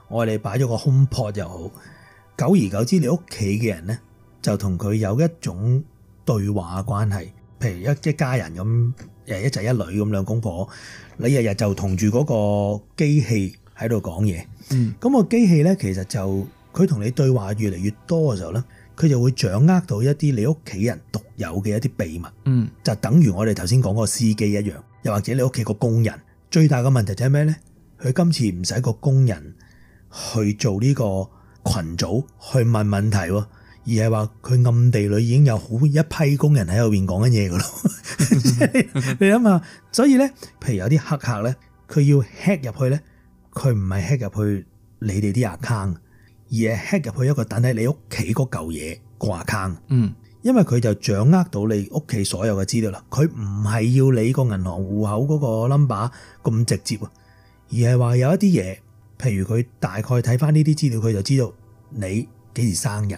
我哋擺咗個 HomePod 又好。久而久之，你屋企嘅人呢，就同佢有一種對話關係。譬如一一家人咁，誒，一仔一女咁兩公婆，你日日就同住嗰個機器喺度講嘢，嗯，咁個機器呢，其實就佢同你對話越嚟越多嘅時候呢，佢就會掌握到一啲你屋企人獨有嘅一啲秘密，嗯，就等於我哋頭先講個司機一樣。又或者你屋企個工人最大嘅問題就係咩呢？佢今次唔使個工人去做呢個。群組去問問題喎，而係話佢暗地裏已經有好一批工人喺後邊講緊嘢噶咯。你諗下，所以咧，譬如有啲黑客咧，佢要 hack 入去咧，佢唔係 hack 入去你哋啲 account，而係 hack 入去一個等喺你屋企嗰嚿嘢 account。嗯，因為佢就掌握到你屋企所有嘅資料啦。佢唔係要你個銀行戶口嗰個 number 咁直接，而係話有一啲嘢。譬如佢大概睇翻呢啲資料，佢就知道你幾時生日，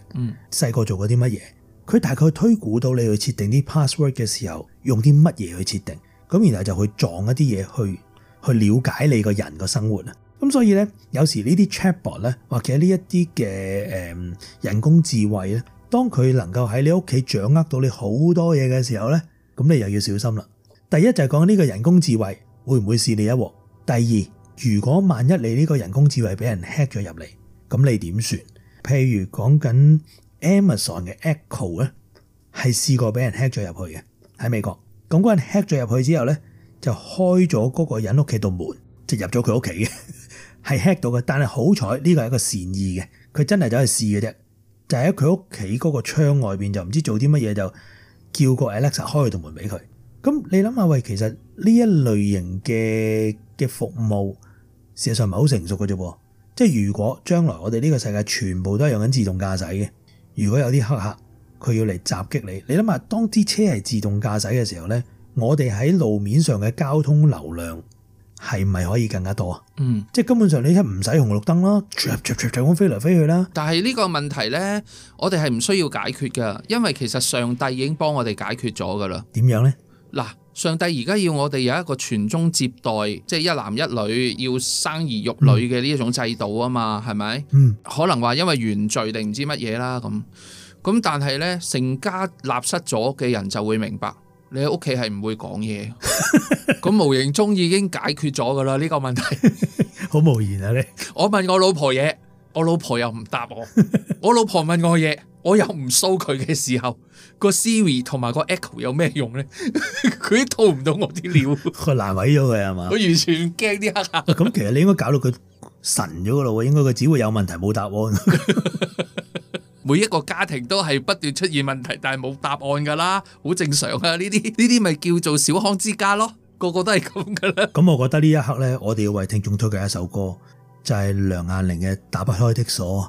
細個、嗯、做過啲乜嘢。佢大概推估到你去設定啲 password 嘅時候，用啲乜嘢去設定。咁然後就去撞一啲嘢去去了解你個人嘅生活啊。咁所以咧，有時呢啲 chatbot 咧，或者呢一啲嘅誒人工智慧咧，當佢能夠喺你屋企掌握到你好多嘢嘅時候咧，咁你又要小心啦。第一就係講呢個人工智慧會唔會試你一鑊？第二。如果萬一你呢個人工智慧俾人 hack 咗入嚟，咁你點算？譬如講緊 Amazon 嘅 Echo 咧，係試過俾人 hack 咗入去嘅喺美國。咁嗰人 hack 咗入去之後咧，就開咗嗰個人屋企道門，即入咗佢屋企嘅，係 hack 到嘅。但係好彩呢個係一個善意嘅，佢真係走去試嘅啫，就喺佢屋企嗰個窗外邊，就唔知做啲乜嘢，就叫個 Alexa 開道門俾佢。咁你諗下，喂，其實呢一類型嘅嘅服務，事實上唔係好成熟嘅啫。即係如果將來我哋呢個世界全部都係用緊自動駕駛嘅，如果有啲黑客佢要嚟襲擊你，你諗下，當啲車係自動駕駛嘅時候呢，我哋喺路面上嘅交通流量係咪可以更加多啊？嗯，即係根本上你而家唔使紅綠燈啦，咁、嗯、飛嚟飛去啦。但係呢個問題呢，我哋係唔需要解決噶，因為其實上帝已經幫我哋解決咗噶啦。點樣呢？嗱，上帝而家要我哋有一個傳宗接代，即係，一男一女，要生兒育女嘅呢一種制度啊嘛，係咪？嗯，吧嗯，可能話因為原罪定唔知乜嘢啦咁，咁但係呢，成家立室咗嘅人就會明白你會，你喺屋企係唔會講嘢，咁無形中已經解決咗噶啦呢個問題，好 無言啊你！我問我老婆嘢，我老婆又唔答我， 我老婆問我嘢。我又唔搜佢嘅時候，個 Siri 同埋個 Echo 有咩用呢？佢套唔到我啲料，佢難為咗佢係嘛？我完全驚啲黑客。咁 其實你應該搞到佢神咗噶咯，應該佢只會有問題冇答案。 每一個家庭都係不斷出現問題，但係冇答案噶啦，好正常啊！呢啲呢啲咪叫做小康之家咯，個個都係咁噶啦。咁我覺得呢一刻呢，我哋要為聽眾推介一首歌，就係梁愛玲嘅《打不開的鎖》。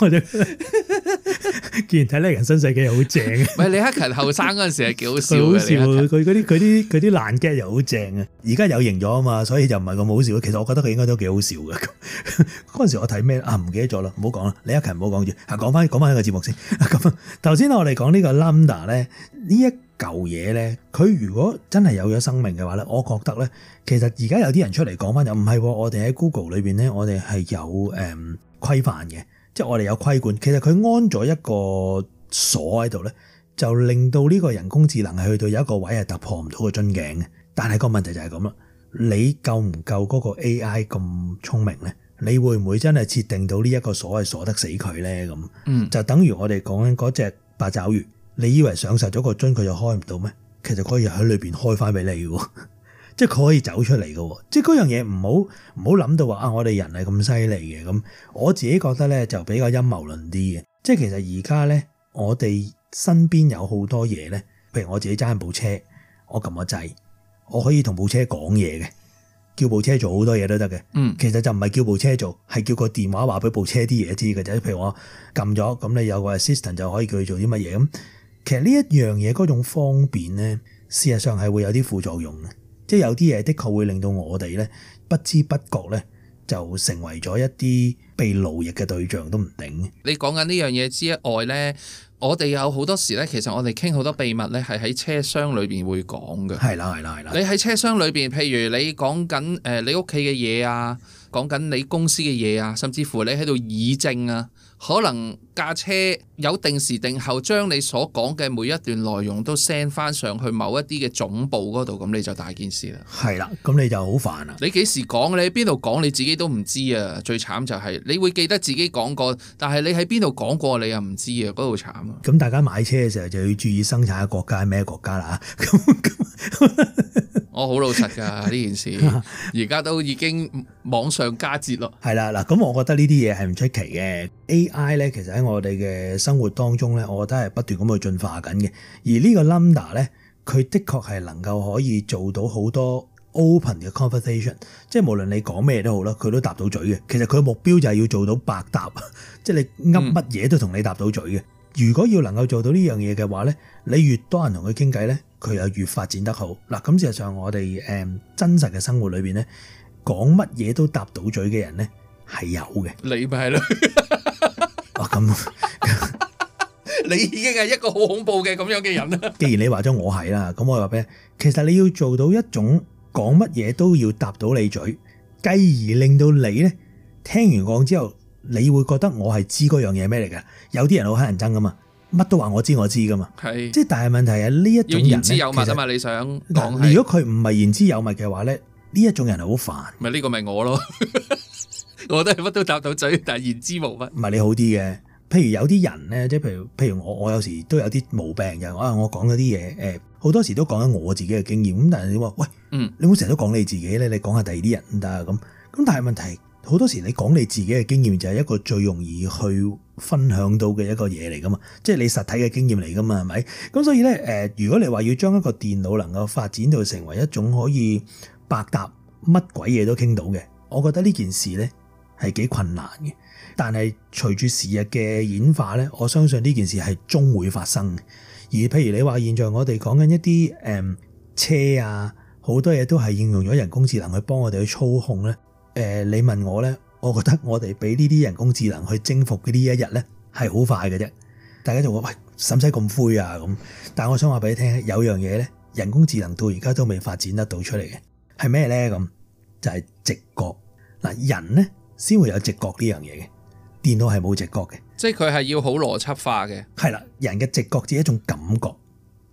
我哋，既然睇呢人新世紀好正啊！唔係 李克勤後生嗰陣時係幾好笑嘅，佢啲佢啲佢啲爛 gag 又好正啊！而家有型咗啊嘛，所以就唔係咁好笑。其實我覺得佢應該都幾好笑嘅。嗰 陣時候我睇咩啊？唔記得咗啦，唔好講啦。李克勤唔好講住，行講翻講翻一個節目先。咁頭先我哋講呢個 LaMDA 咧，呢一舊嘢咧，佢如果真係有咗生命嘅話咧，我覺得咧，其實而家有啲人出嚟講翻又唔係。我哋喺 Google 裏邊咧，我哋係有誒規範嘅。嗯即係我哋有規管，其實佢安咗一個鎖喺度咧，就令到呢個人工智能係去到有一個位係突破唔到個樽頸嘅。但係個問題就係咁啦，你夠唔夠嗰個 AI 咁聰明咧？你會唔會真係設定到呢一個鎖係鎖得死佢咧？咁，就等於我哋講緊嗰隻八爪魚，你以為上實咗個樽佢就開唔到咩？其實可以喺裏邊開翻俾你嘅。即係佢可以走出嚟嘅，即係嗰樣嘢唔好唔好諗到話啊！我哋人係咁犀利嘅。咁，我自己覺得咧就比較陰謀論啲嘅。即係其實而家咧，我哋身邊有好多嘢咧，譬如我自己揸緊部車，我撳個掣，我可以同部車講嘢嘅，叫部車做好多嘢都得嘅。嗯，其實就唔係叫部車做，係叫個電話話俾部車啲嘢知嘅啫。譬如我撳咗咁，你有個 assistant 就可以叫佢做啲乜嘢咁。其實呢一樣嘢嗰種方便咧，事實上係會有啲副作用嘅。即係有啲嘢的確會令到我哋咧，不知不覺咧，就成為咗一啲被奴役嘅對象都唔定。你講緊呢樣嘢之外咧，我哋有好多時咧，其實我哋傾好多秘密咧，係喺車廂裏邊會講嘅。係啦，係啦，係啦。你喺車廂裏邊，譬如你講緊誒你屋企嘅嘢啊。講緊你公司嘅嘢啊，甚至乎你喺度議政啊，可能架車有定時定候，將你所講嘅每一段內容都 send 翻上去某一啲嘅總部嗰度，咁你就大件事啦。係啦，咁你就好煩啊！你幾時講，你喺邊度講，你自己都唔知啊！最慘就係、是、你會記得自己講過，但係你喺邊度講過你又唔知啊！嗰度慘啊！咁大家買車嘅時候就要注意生產嘅國家係咩國家啦。咁 ， 我好老實噶呢件事，而家都已經網上。加值咯，係啦嗱，咁我覺得呢啲嘢係唔出奇嘅。A.I. 咧，其實喺我哋嘅生活當中咧，我覺得係不斷咁去進化緊嘅。而這個呢個 LaMDA 咧，佢的確係能夠可以做到好多 open 嘅 conversation，即係無論你講咩都好啦，佢都答到嘴嘅。其實佢嘅目標就係要做到百答，即係你噏乜嘢都同你答到嘴嘅。嗯、如果要能夠做到呢樣嘢嘅話咧，你越多人同佢傾偈咧，佢又越發展得好。嗱，咁事實上我哋誒真實嘅生活裏邊咧。講乜嘢都答到嘴嘅人呢，係有嘅。你咪係女？咁 你已經係一個好恐怖嘅咁樣嘅人啦。既然你話咗我係啦，咁我話俾你聽，其實你要做到一種講乜嘢都要答到你嘴，繼而令到你呢聽完講之後，你會覺得我係知嗰樣嘢咩嚟㗎。有啲人好乞人憎噶嘛，乜都話我知我知噶嘛。係的。即係，但係問題係呢一種人，言之有物。啊嘛，你想講，如果佢唔係言之有物嘅實話呢。呢一種人係好煩，咪呢個咪我咯，我都係乜都答到嘴，但言之無物。唔係你好啲嘅，譬如有啲人咧，即係譬如譬如我，我有時都有啲毛病嘅。啊，我講咗啲嘢，誒好多時都講緊我自己嘅經驗。咁但係你話喂，嗯，你唔好成日都講你自己咧？你講下第二啲人唔得啊咁。咁但係問題好多時你講你自己嘅經驗，就係一個最容易去分享到嘅一個嘢嚟㗎嘛，即係你實體嘅經驗嚟㗎嘛，係咪？咁所以咧，誒，如果你話要將一個電腦能夠發展到成為一種可以百搭乜鬼嘢都傾到嘅，我覺得呢件事呢係幾困難嘅。但係隨住時日嘅演化呢，我相信呢件事係終會發生。而譬如你話現在我哋講緊一啲誒、嗯、車啊，好多嘢都係應用咗人工智能去幫我哋去操控呢、呃。你問我呢，我覺得我哋俾呢啲人工智能去征服嘅呢一日呢係好快嘅啫。大家就話喂，使唔使咁灰啊咁？但係我想話俾你聽，有樣嘢呢，人工智能到而家都未發展得到出嚟嘅。係咩呢？咁就係、是、直覺嗱，人呢先會有直覺呢樣嘢嘅，電腦係冇直覺嘅，即係佢係要好邏輯化嘅。係啦，人嘅直覺只係一種感覺，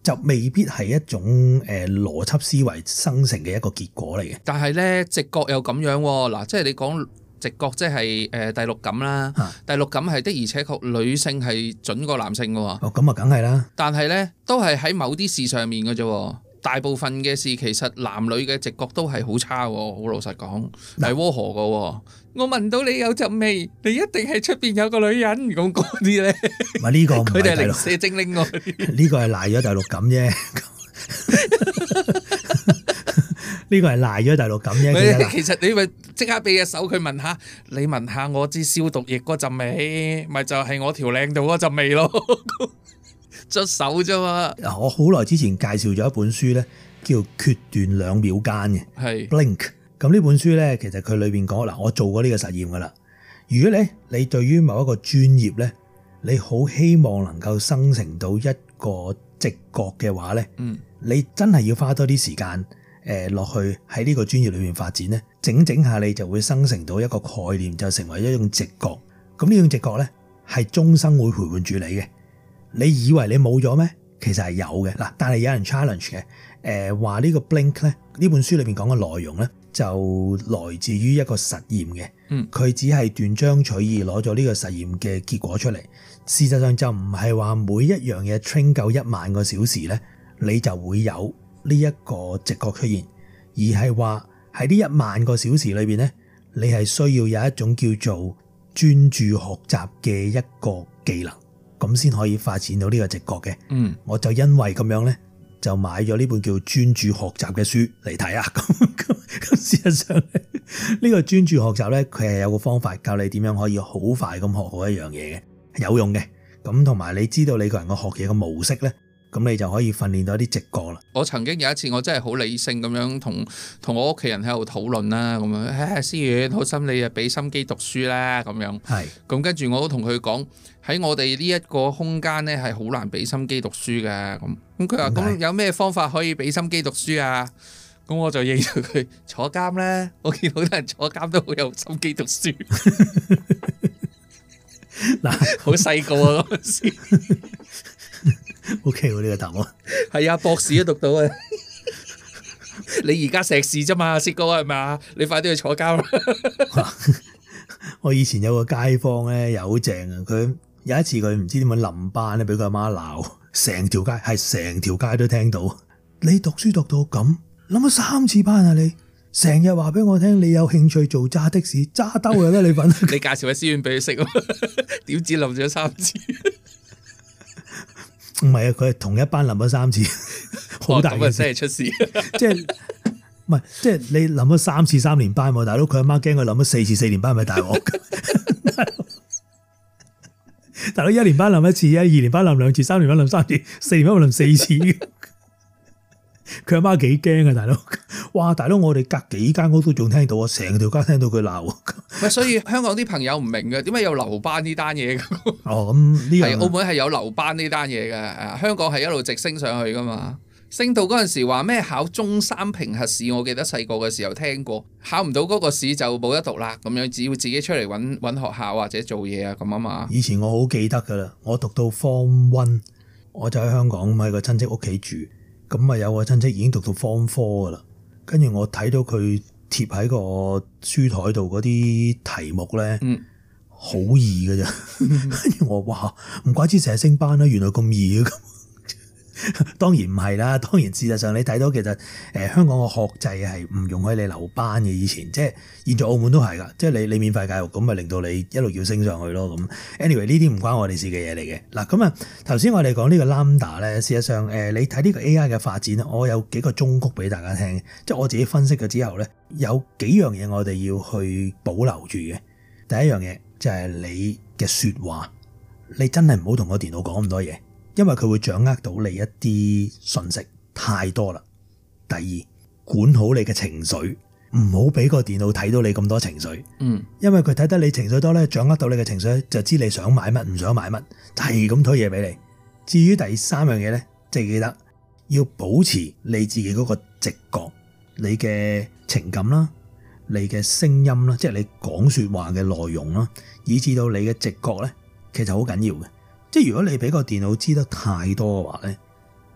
就未必係一種誒邏輯思維生成嘅一個結果嚟嘅。但係呢，直覺又咁樣嗱、啊，即係你講直覺即是，即係誒第六感啦，啊、第六感係，的而且確女性係準過男性噶、啊。哦，咁啊，梗係啦。但係呢，都係喺某啲事上面嘅啫、啊。大部分嘅事其實男女嘅直覺都係好差喎，好老實講，係窩河嘅喎。我聞到你有陣味，你一定係出邊有個女人咁講啲咧。唔係呢個，佢哋零舍精靈嗰啲。呢個係賴咗第六感啫。呢個係賴咗第六感啫。其實你咪即刻俾隻手佢聞下，你聞下我支消毒液嗰陣味，咪就係我條脷度嗰陣味咯。出手啫嘛。嗱，我好耐之前介紹咗一本書咧，叫《決斷兩秒間》嘅，係是《Blink》。咁呢本書咧，其實佢裏邊講。嗱，我做過呢個實驗噶啦。如果咧你對於某一個專業咧，你好希望能夠生成到一個直覺嘅話咧，嗯，你真係要花多啲時間誒落去喺呢個專業裏面發展咧，整整下你就會生成到一個概念，就成為一種直覺。咁呢種直覺咧，係終生會陪伴住你嘅。你以為你冇咗咩？其實係有嘅嗱，但係有人 challenge 嘅，誒、呃、話呢個 Blink 咧，呢本書裏面講嘅內容咧，就來自於一個實驗嘅，嗯，佢只係斷章取義攞咗呢個實驗嘅結果出嚟。事實上就唔係話每一樣嘢 train 夠一萬個小時咧，你就會有呢一個直覺出現，而係話喺呢一萬個小時裏面咧，你係需要有一種叫做專注學習嘅一個技能。咁先可以發展到呢個直覺嘅，嗯、我就因為咁樣呢，就買咗呢本叫專注學習嘅書嚟睇啊！咁 咁事實上呢個專注學習呢，佢係有個方法教你點樣可以好快咁學好一樣嘢嘅，有用嘅。咁同埋你知道你個人個學嘢嘅模式呢，咁你就可以訓練到一啲直覺啦。我曾經有一次，我真係好理性咁樣同同我屋企人喺度討論啦，咁、哎、樣，誒是，思遠，好心你啊，俾心機讀書啦，咁樣，係，咁跟住我都同佢講。喺我哋呢一個空間咧，係好難俾心機讀書嘅咁。咁佢話咁有咩方法可以俾心機讀書啊？咁我就認咗佢坐監咧。我見到好多人坐監都好有心機讀書。嗱，好細個嗰陣時，O K 喎呢 個答案。係啊，博士都讀到啊。 你碩而家碩士啫嘛，薛哥係咪啊？你快啲去坐監啦。 我以前有個街坊咧，又好正啊，佢。有一次佢唔知點樣臨班咧，俾佢阿媽鬧，成條街係成條街都聽到。你讀書讀到咁，臨咗三次班啊！你成日話俾我聽，你有興趣做揸的士、揸兜嘅咧，你揾 你介紹位師院俾佢識，點知臨咗三次？唔係啊，佢係同一班臨咗三次，好、哦、大事、哦、出事。 即係唔係？即係你臨咗三次三年班，大佬佢阿媽驚佢臨咗四次四年班，咪大鑊？ 大佬一年班唸一次，一、二年班唸兩次，三年班唸三次，四年班咪唸四次。佢阿媽幾驚啊！大佬，哇！大佬，我哋隔幾間屋都仲聽到啊，成條街聽到佢鬧。咪 所以香港啲朋友唔明嘅，點解有留班呢單嘢嘅？哦，咁呢個澳門係有留班呢單嘢嘅，香港係一路直，直升上去噶嘛。升到嗰陣時話咩考中三評核試，我記得細個嘅時候聽過，考唔到嗰個試就冇得讀啦，咁樣只要自己出嚟搵搵學校或者做嘢啊咁啊嘛。以前我好記得噶啦，我讀到方 o 我就喺香港咁喺個親戚屋企住，咁咪有個親戚已經讀到方科 r m 噶啦，跟住我睇到佢貼喺個書台度嗰啲題目呢，好、嗯、易噶咋，跟住、嗯、 我話唔怪之成日升班啦，原來咁易當然唔係啦，當然事實上你睇到其實誒香港個學制係唔容許你留班嘅，以前即係現在澳門都係㗎，即係你你免費教育咁咪令到你一路要升上去咯咁。anyway 呢啲唔關我哋事嘅嘢嚟嘅。嗱咁啊，頭先我哋講呢個 LaMDA 咧，事實上誒你睇呢個 AI 嘅發展，我有幾個忠告俾大家聽，即係我自己分析咗之後咧，有幾樣嘢我哋要去保留住嘅。第一樣嘢就係、是、你嘅說話，你真係唔好同個電腦講咁多嘢。因為佢會掌握到你一啲信息，太多啦。第二，管好你嘅情緒，唔好俾個電腦睇到你咁多情緒。嗯，因為佢睇得你情緒多咧，掌握到你嘅情緒就知你想買乜，唔想買乜，就係咁推嘢俾你。至於第三樣嘢咧，即係記得要保持你自己嗰個直覺、你嘅情感啦、你嘅聲音啦，即係你講說話嘅內容啦，以至到你嘅直覺咧，其實好緊要嘅。即係如果你俾個電腦知得太多嘅話咧，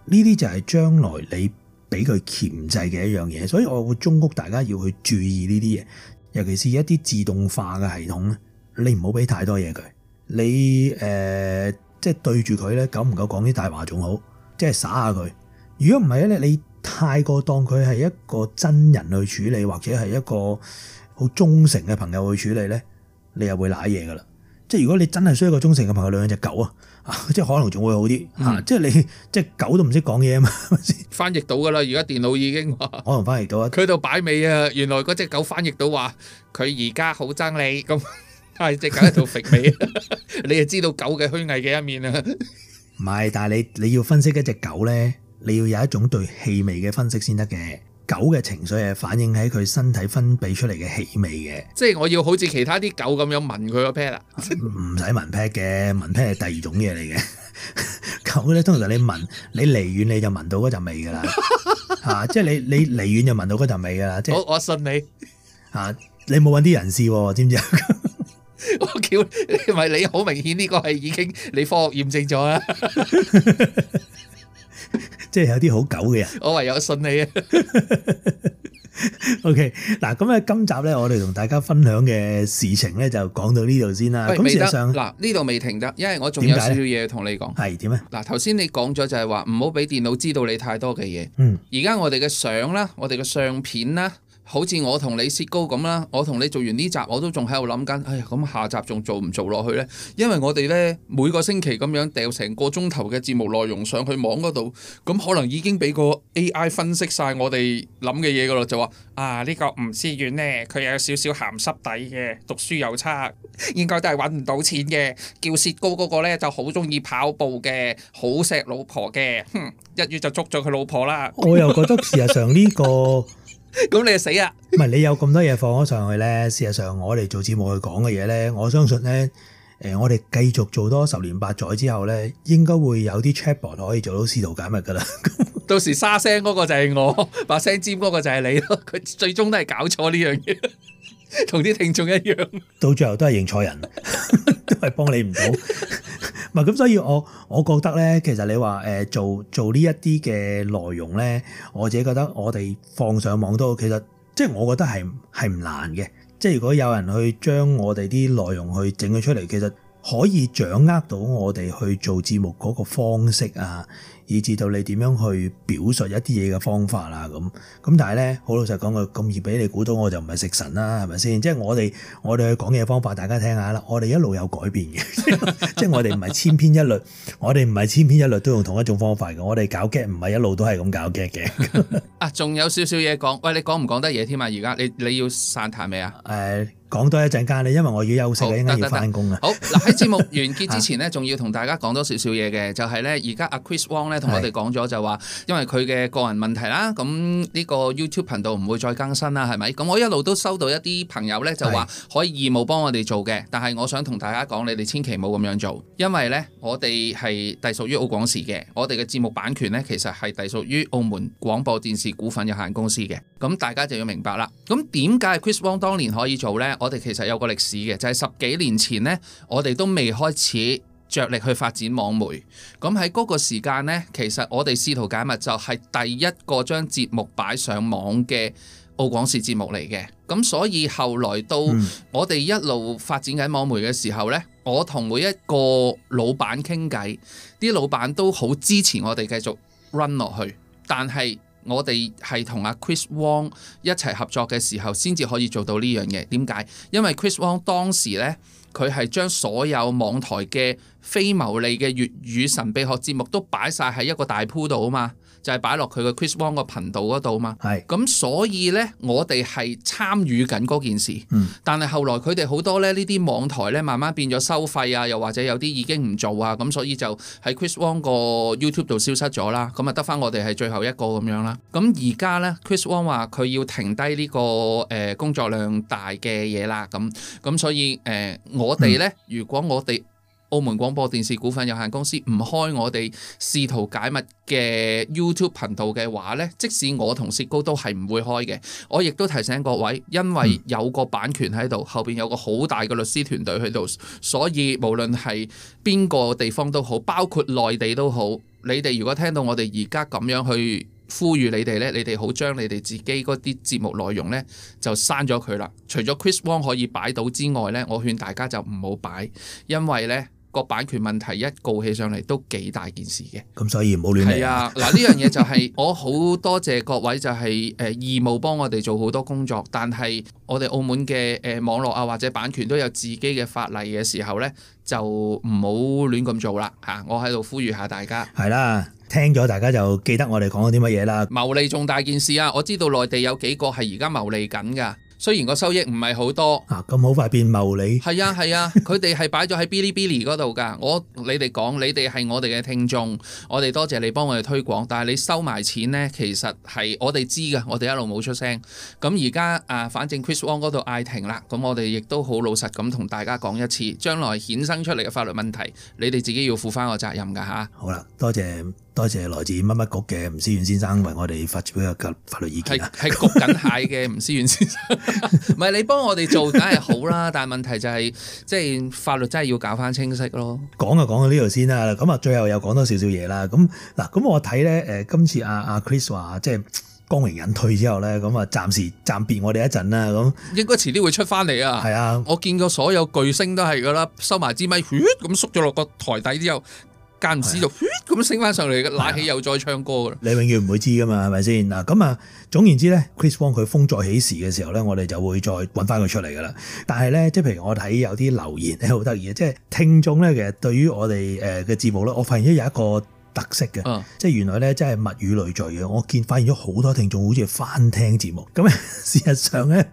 呢啲就係將來你俾佢鉗制嘅一樣嘢，所以我會忠告大家要去注意呢啲嘢，尤其是一啲自動化嘅系統咧，你唔好俾太多嘢佢。你，誒，即係對住佢咧，久唔久講啲大話仲好，即係耍下佢。如果唔係咧，你太過當佢係一個真人去處理，或者係一個好忠誠嘅朋友去處理咧，你又會瀨嘢㗎啦。即係如果你真係需要一個忠誠嘅朋友，兩隻狗啊！即係可能仲會好啲，嗯，即係你即係狗都唔識講嘢啊嘛，翻譯到噶啦，而家電腦已經可能翻譯到啊。佢度擺尾啊，原來嗰隻狗翻譯到話佢而家好憎你，咁係隻狗喺度揈尾， 你係知道狗嘅虛偽嘅一面啊。唔係，但係你你要分析一隻狗咧，你要有一種對氣味嘅分析先得嘅。狗嘅情緒係反映喺佢身體分泌出嚟嘅氣味嘅，即係我要好似其他啲狗咁樣聞佢個 pad，唔使聞 pad 嘅，聞 pad 係第二種嘢嚟嘅。狗咧通常你聞，你離遠你就聞到嗰陣味噶啦，啊！即係你你離遠就聞到嗰陣味噶啦、 啊，即係 是我我信你啊！你冇揾啲人士知唔知啊？我叫 你係你好明顯呢個係已經你科學驗證咗啦。 即係有啲好狗嘅人，我唯有信你。OK，嗱，咁今集咧，我哋同大家分享嘅事情咧，就講到呢度先啦。咁先未得，嗱，呢度未停得，因為我仲有少少嘢同你講。係點啊？嗱，頭先你講咗就係話唔好俾電腦知道你太多嘅嘢。嗯，而家我哋嘅相啦，我哋嘅相片啦。好似我同你薛高咁啦，我同你做完呢集，我都仲喺度諗緊，哎呀，咁下集仲做唔做落去呢？因為我哋呢每個星期咁樣掉成個鐘頭嘅節目內容上去網嗰度，咁可能已經俾個 AI 分析晒我哋諗嘅嘢噶啦，就話啊呢個吳思遠呢，佢有少少鹹濕底嘅，讀書又差，應該都係揾唔到錢嘅。叫薛高嗰個呢就好中意跑步嘅，好錫老婆嘅，哼，一月就捉咗佢老婆啦。我又覺得事實上呢個。 咁你就死啊！唔係你有咁多嘢放咗上去咧，事實上我哋做節目去講嘅嘢咧，我相信咧，誒，我哋繼續做多十年八載之後咧，應該會有啲 chatbot 可以做到試圖解密噶啦。到時沙聲嗰個就係我，把聲尖嗰個就係你咯。佢最終都係搞錯呢樣嘢。同啲聽眾一樣，到最後錯 都係認錯人，都係幫你唔到。係咁，所以我我覺得咧，其實你話誒做做呢一啲嘅內容咧，我自己覺得我哋放上網都其實即係我覺得係係唔難嘅。即係如果有人去將我哋啲內容去整咗出嚟，其實可以掌握到我哋去做節目嗰個方式啊。以至到你點樣去表述一啲嘢嘅方法啦，咁咁但係咧，好老實講嘅咁易俾你估到我我，我就唔係食神啦，係咪先？即係我哋我哋去講嘢方法，大家聽下啦。我哋一路有改變嘅， 即係我哋唔係千篇一律，我哋唔係千篇一律都用同一種方法嘅。我哋搞 gag 唔係一路都係咁搞 gag 嘅。 啊，仲有少少嘢講，喂，你講唔講得嘢添啊？而家你你要散台未啊？講多一陣間咧，因為我要休息，應該好要翻工啊。好嗱，喺節目完結之前咧，仲、 啊、要同大家講多少少嘢嘅，就係咧，而家阿 Chris Wong 同是我哋講咗就話，因為佢嘅個人問題啦，咁呢個 YouTube 頻道唔會再更新啦，係咪？咁我一路都收到一啲朋友呢，就話可以義務幫我哋做嘅，是但係我想同大家講，你哋千祈冇咁樣做，因為呢，我哋係隸屬於澳廣視嘅，我哋嘅節目版權呢，其實係隸屬於澳門廣播電視股份有限公司嘅，咁大家就要明白啦。咁點解 Chris Wong 當年可以做呢？我哋其實有個歷史嘅，就係、是、十幾年前呢，我哋都未開始。着力去發展網媒，咁喺嗰個時間呢，其實我哋試圖解密就係第一個將節目擺上網嘅澳廣視節目嚟嘅，咁所以後來到我哋一路發展緊網媒嘅時候呢，我同每一個老闆傾偈，啲老闆都好支持我哋繼續 run 落去，但係我哋係同阿 Chris Wong 一齊合作嘅時候先至可以做到呢樣嘢。點解？因為 Chris Wong 當時呢。佢係將所有網台嘅非牟利嘅粵語神秘學節目都擺晒喺一個大鋪度啊嘛。就係擺落佢個 Chris Wong 個頻道嗰度嘛，咁是所以咧，我哋係參與緊嗰件事，嗯、但係後來佢哋好多咧呢啲網台咧，慢慢變咗收費啊，又或者有啲已經唔做啊，咁所以就喺 Chris Wong 個 YouTube 度消失咗啦，咁啊得翻我哋係最後一個咁樣啦。咁而家咧，Chris Wong 話佢要停低呢、呢個、呃、工作量大嘅嘢啦，咁咁所以、呃、我哋咧，嗯、如果我哋，澳門廣播電視股份有限公司唔開我哋試圖解密嘅 YouTube 頻道嘅話呢，即使我同薛高都係唔會開嘅。我亦都提醒各位，因為有個版權喺度，後邊有個好大嘅律師團隊喺度，所以無論係邊個地方都好，包括內地都好，你哋如果聽到我哋而家咁樣去呼籲你哋呢，你哋好將你哋自己嗰啲節目內容呢就刪咗佢啦。除咗 Chris Wong 可以擺到之外呢，我勸大家就唔好擺，因為呢。個版權問題一告起上嚟都幾大件事嘅，咁所以唔好亂嚟。係啊，嗱呢 樣嘢就係、是、我好多謝各位，就係誒義務幫我哋做好多工作，但係我哋澳門嘅誒網絡啊或者版權都有自己嘅法例嘅時候呢，就唔好亂咁做啦吓，我喺度呼籲下大家。係啦、啊，聽咗大家就記得我哋講咗啲乜嘢啦，謀利重大件事啊！我知道內地有幾個係而家牟利緊噶。雖然個收益唔係好多，啊咁好快變牟利，係啊係啊，佢哋係擺咗喺 Bilibili 嗰度㗎。我你哋講，你哋係我哋嘅聽眾，我哋多謝你幫我哋推廣，但係你收埋錢呢，其實係我哋知㗎。我哋一路冇出聲。咁而家啊，反正 Chris Wong 嗰度嗌停啦，咁我哋亦都好老實咁同大家講一次，將來衍生出嚟嘅法律問題，你哋自己要負返個責任㗎吓，好啦，多謝。多謝來自乜乜局嘅吳思遠先生為我哋發表一個法律意見啊！係焗緊蟹嘅 吳思遠先生，唔係你幫我哋做梗係好啦， 但係問題就係、是、即係法律真係要搞翻清晰咯。講就講到呢度先啦，咁啊最後又講多少少嘢啦。咁嗱，咁我睇咧誒，今次阿阿 Chris 話即係光榮引退之後咧，咁啊暫時暫別我哋一陣啦。咁應該遲啲會出翻嚟啊！係啊，我見過所有巨星都係㗎啦，收埋支咪血，咁、呃、縮咗落個台底之後。間唔時咁升翻上嚟嘅，冷氣、啊、又再唱歌噶啦、啊。你永遠唔會知噶嘛，係咪先？嗱咁啊，總言之咧，Chris Wong 佢風再起時嘅時候咧，我哋就會再搵翻佢出嚟噶啦。但係咧，即係譬如我睇有啲留言咧，好得意嘅，即係聽眾咧其實對於我哋誒嘅節目咧，我發現咗有一個特色嘅，即係、啊、原來咧真係物語累聚嘅。我見發現咗好多聽眾好似翻聽節目，咁事實上咧，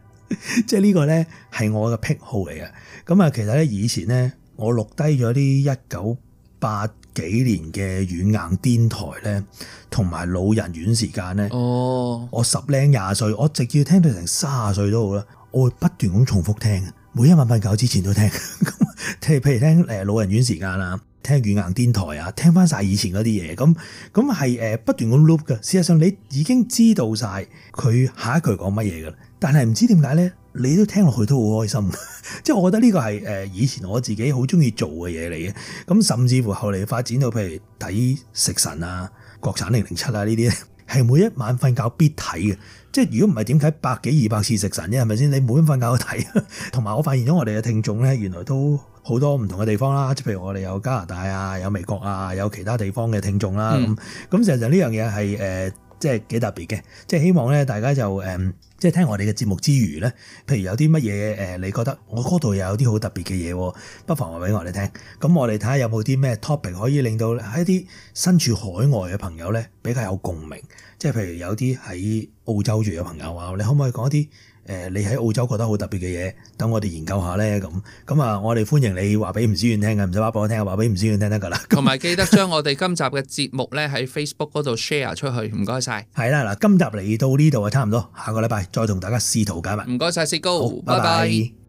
即係呢個咧係我嘅癖好嚟嘅。咁啊，其實咧以前咧，我錄低咗啲一九八幾年嘅軟硬電台咧，同埋老人院時間咧，oh. 我十靚廿歲，我直接聽到成卅歲都好啦。我會不斷咁重複聽，每一晚瞓覺之前都聽。咁， 譬如聽誒老人院時間啦，聽軟硬電台啊，聽翻晒以前嗰啲嘢，咁咁係誒不斷咁 loop 嘅。事實上，你已經知道晒佢下一句講乜嘢噶啦。但係唔知點解咧，你都聽落去都好開心，即係我覺得呢個係誒以前我自己好中意做嘅嘢嚟嘅。咁甚至乎後嚟發展到譬如睇食神啊、國產零零七啊呢啲，係每一晚瞓覺必睇嘅。即、就、係、是、如果唔係點解百幾二百次食神啫、啊，係咪先？你每晚瞓覺都睇。同 埋我發現咗我哋嘅聽眾咧，原來都好多唔同嘅地方啦，即譬如我哋有加拿大啊、有美國啊、有其他地方嘅聽眾啦、啊。咁咁、嗯，其實就呢樣嘢係誒。呃即係幾特別嘅，即係希望咧，大家就誒、嗯，即係聽我哋嘅節目之餘咧，譬如有啲乜嘢誒，你覺得我嗰度又有啲好特別嘅嘢，不妨話俾我哋聽。咁我哋睇下有冇啲咩 topic 可以令到喺啲身處海外嘅朋友咧比較有共鳴，即係譬如有啲喺澳洲住嘅朋友啊，你可唔可以講一啲？誒，你喺澳洲覺得好特別嘅嘢，等我哋研究下咧咁。咁啊，我哋歡迎你話俾吳思遠聽嘅，唔使 話俾我聽，話俾吳思遠聽得噶啦。同埋 記得將我哋今集嘅節目咧喺 Facebook 嗰度 share 出去，唔該晒，係啦，嗱，今集嚟到呢度啊，差唔多，下個禮拜再同大家試圖解密。唔該晒，薛高，好拜拜。拜拜。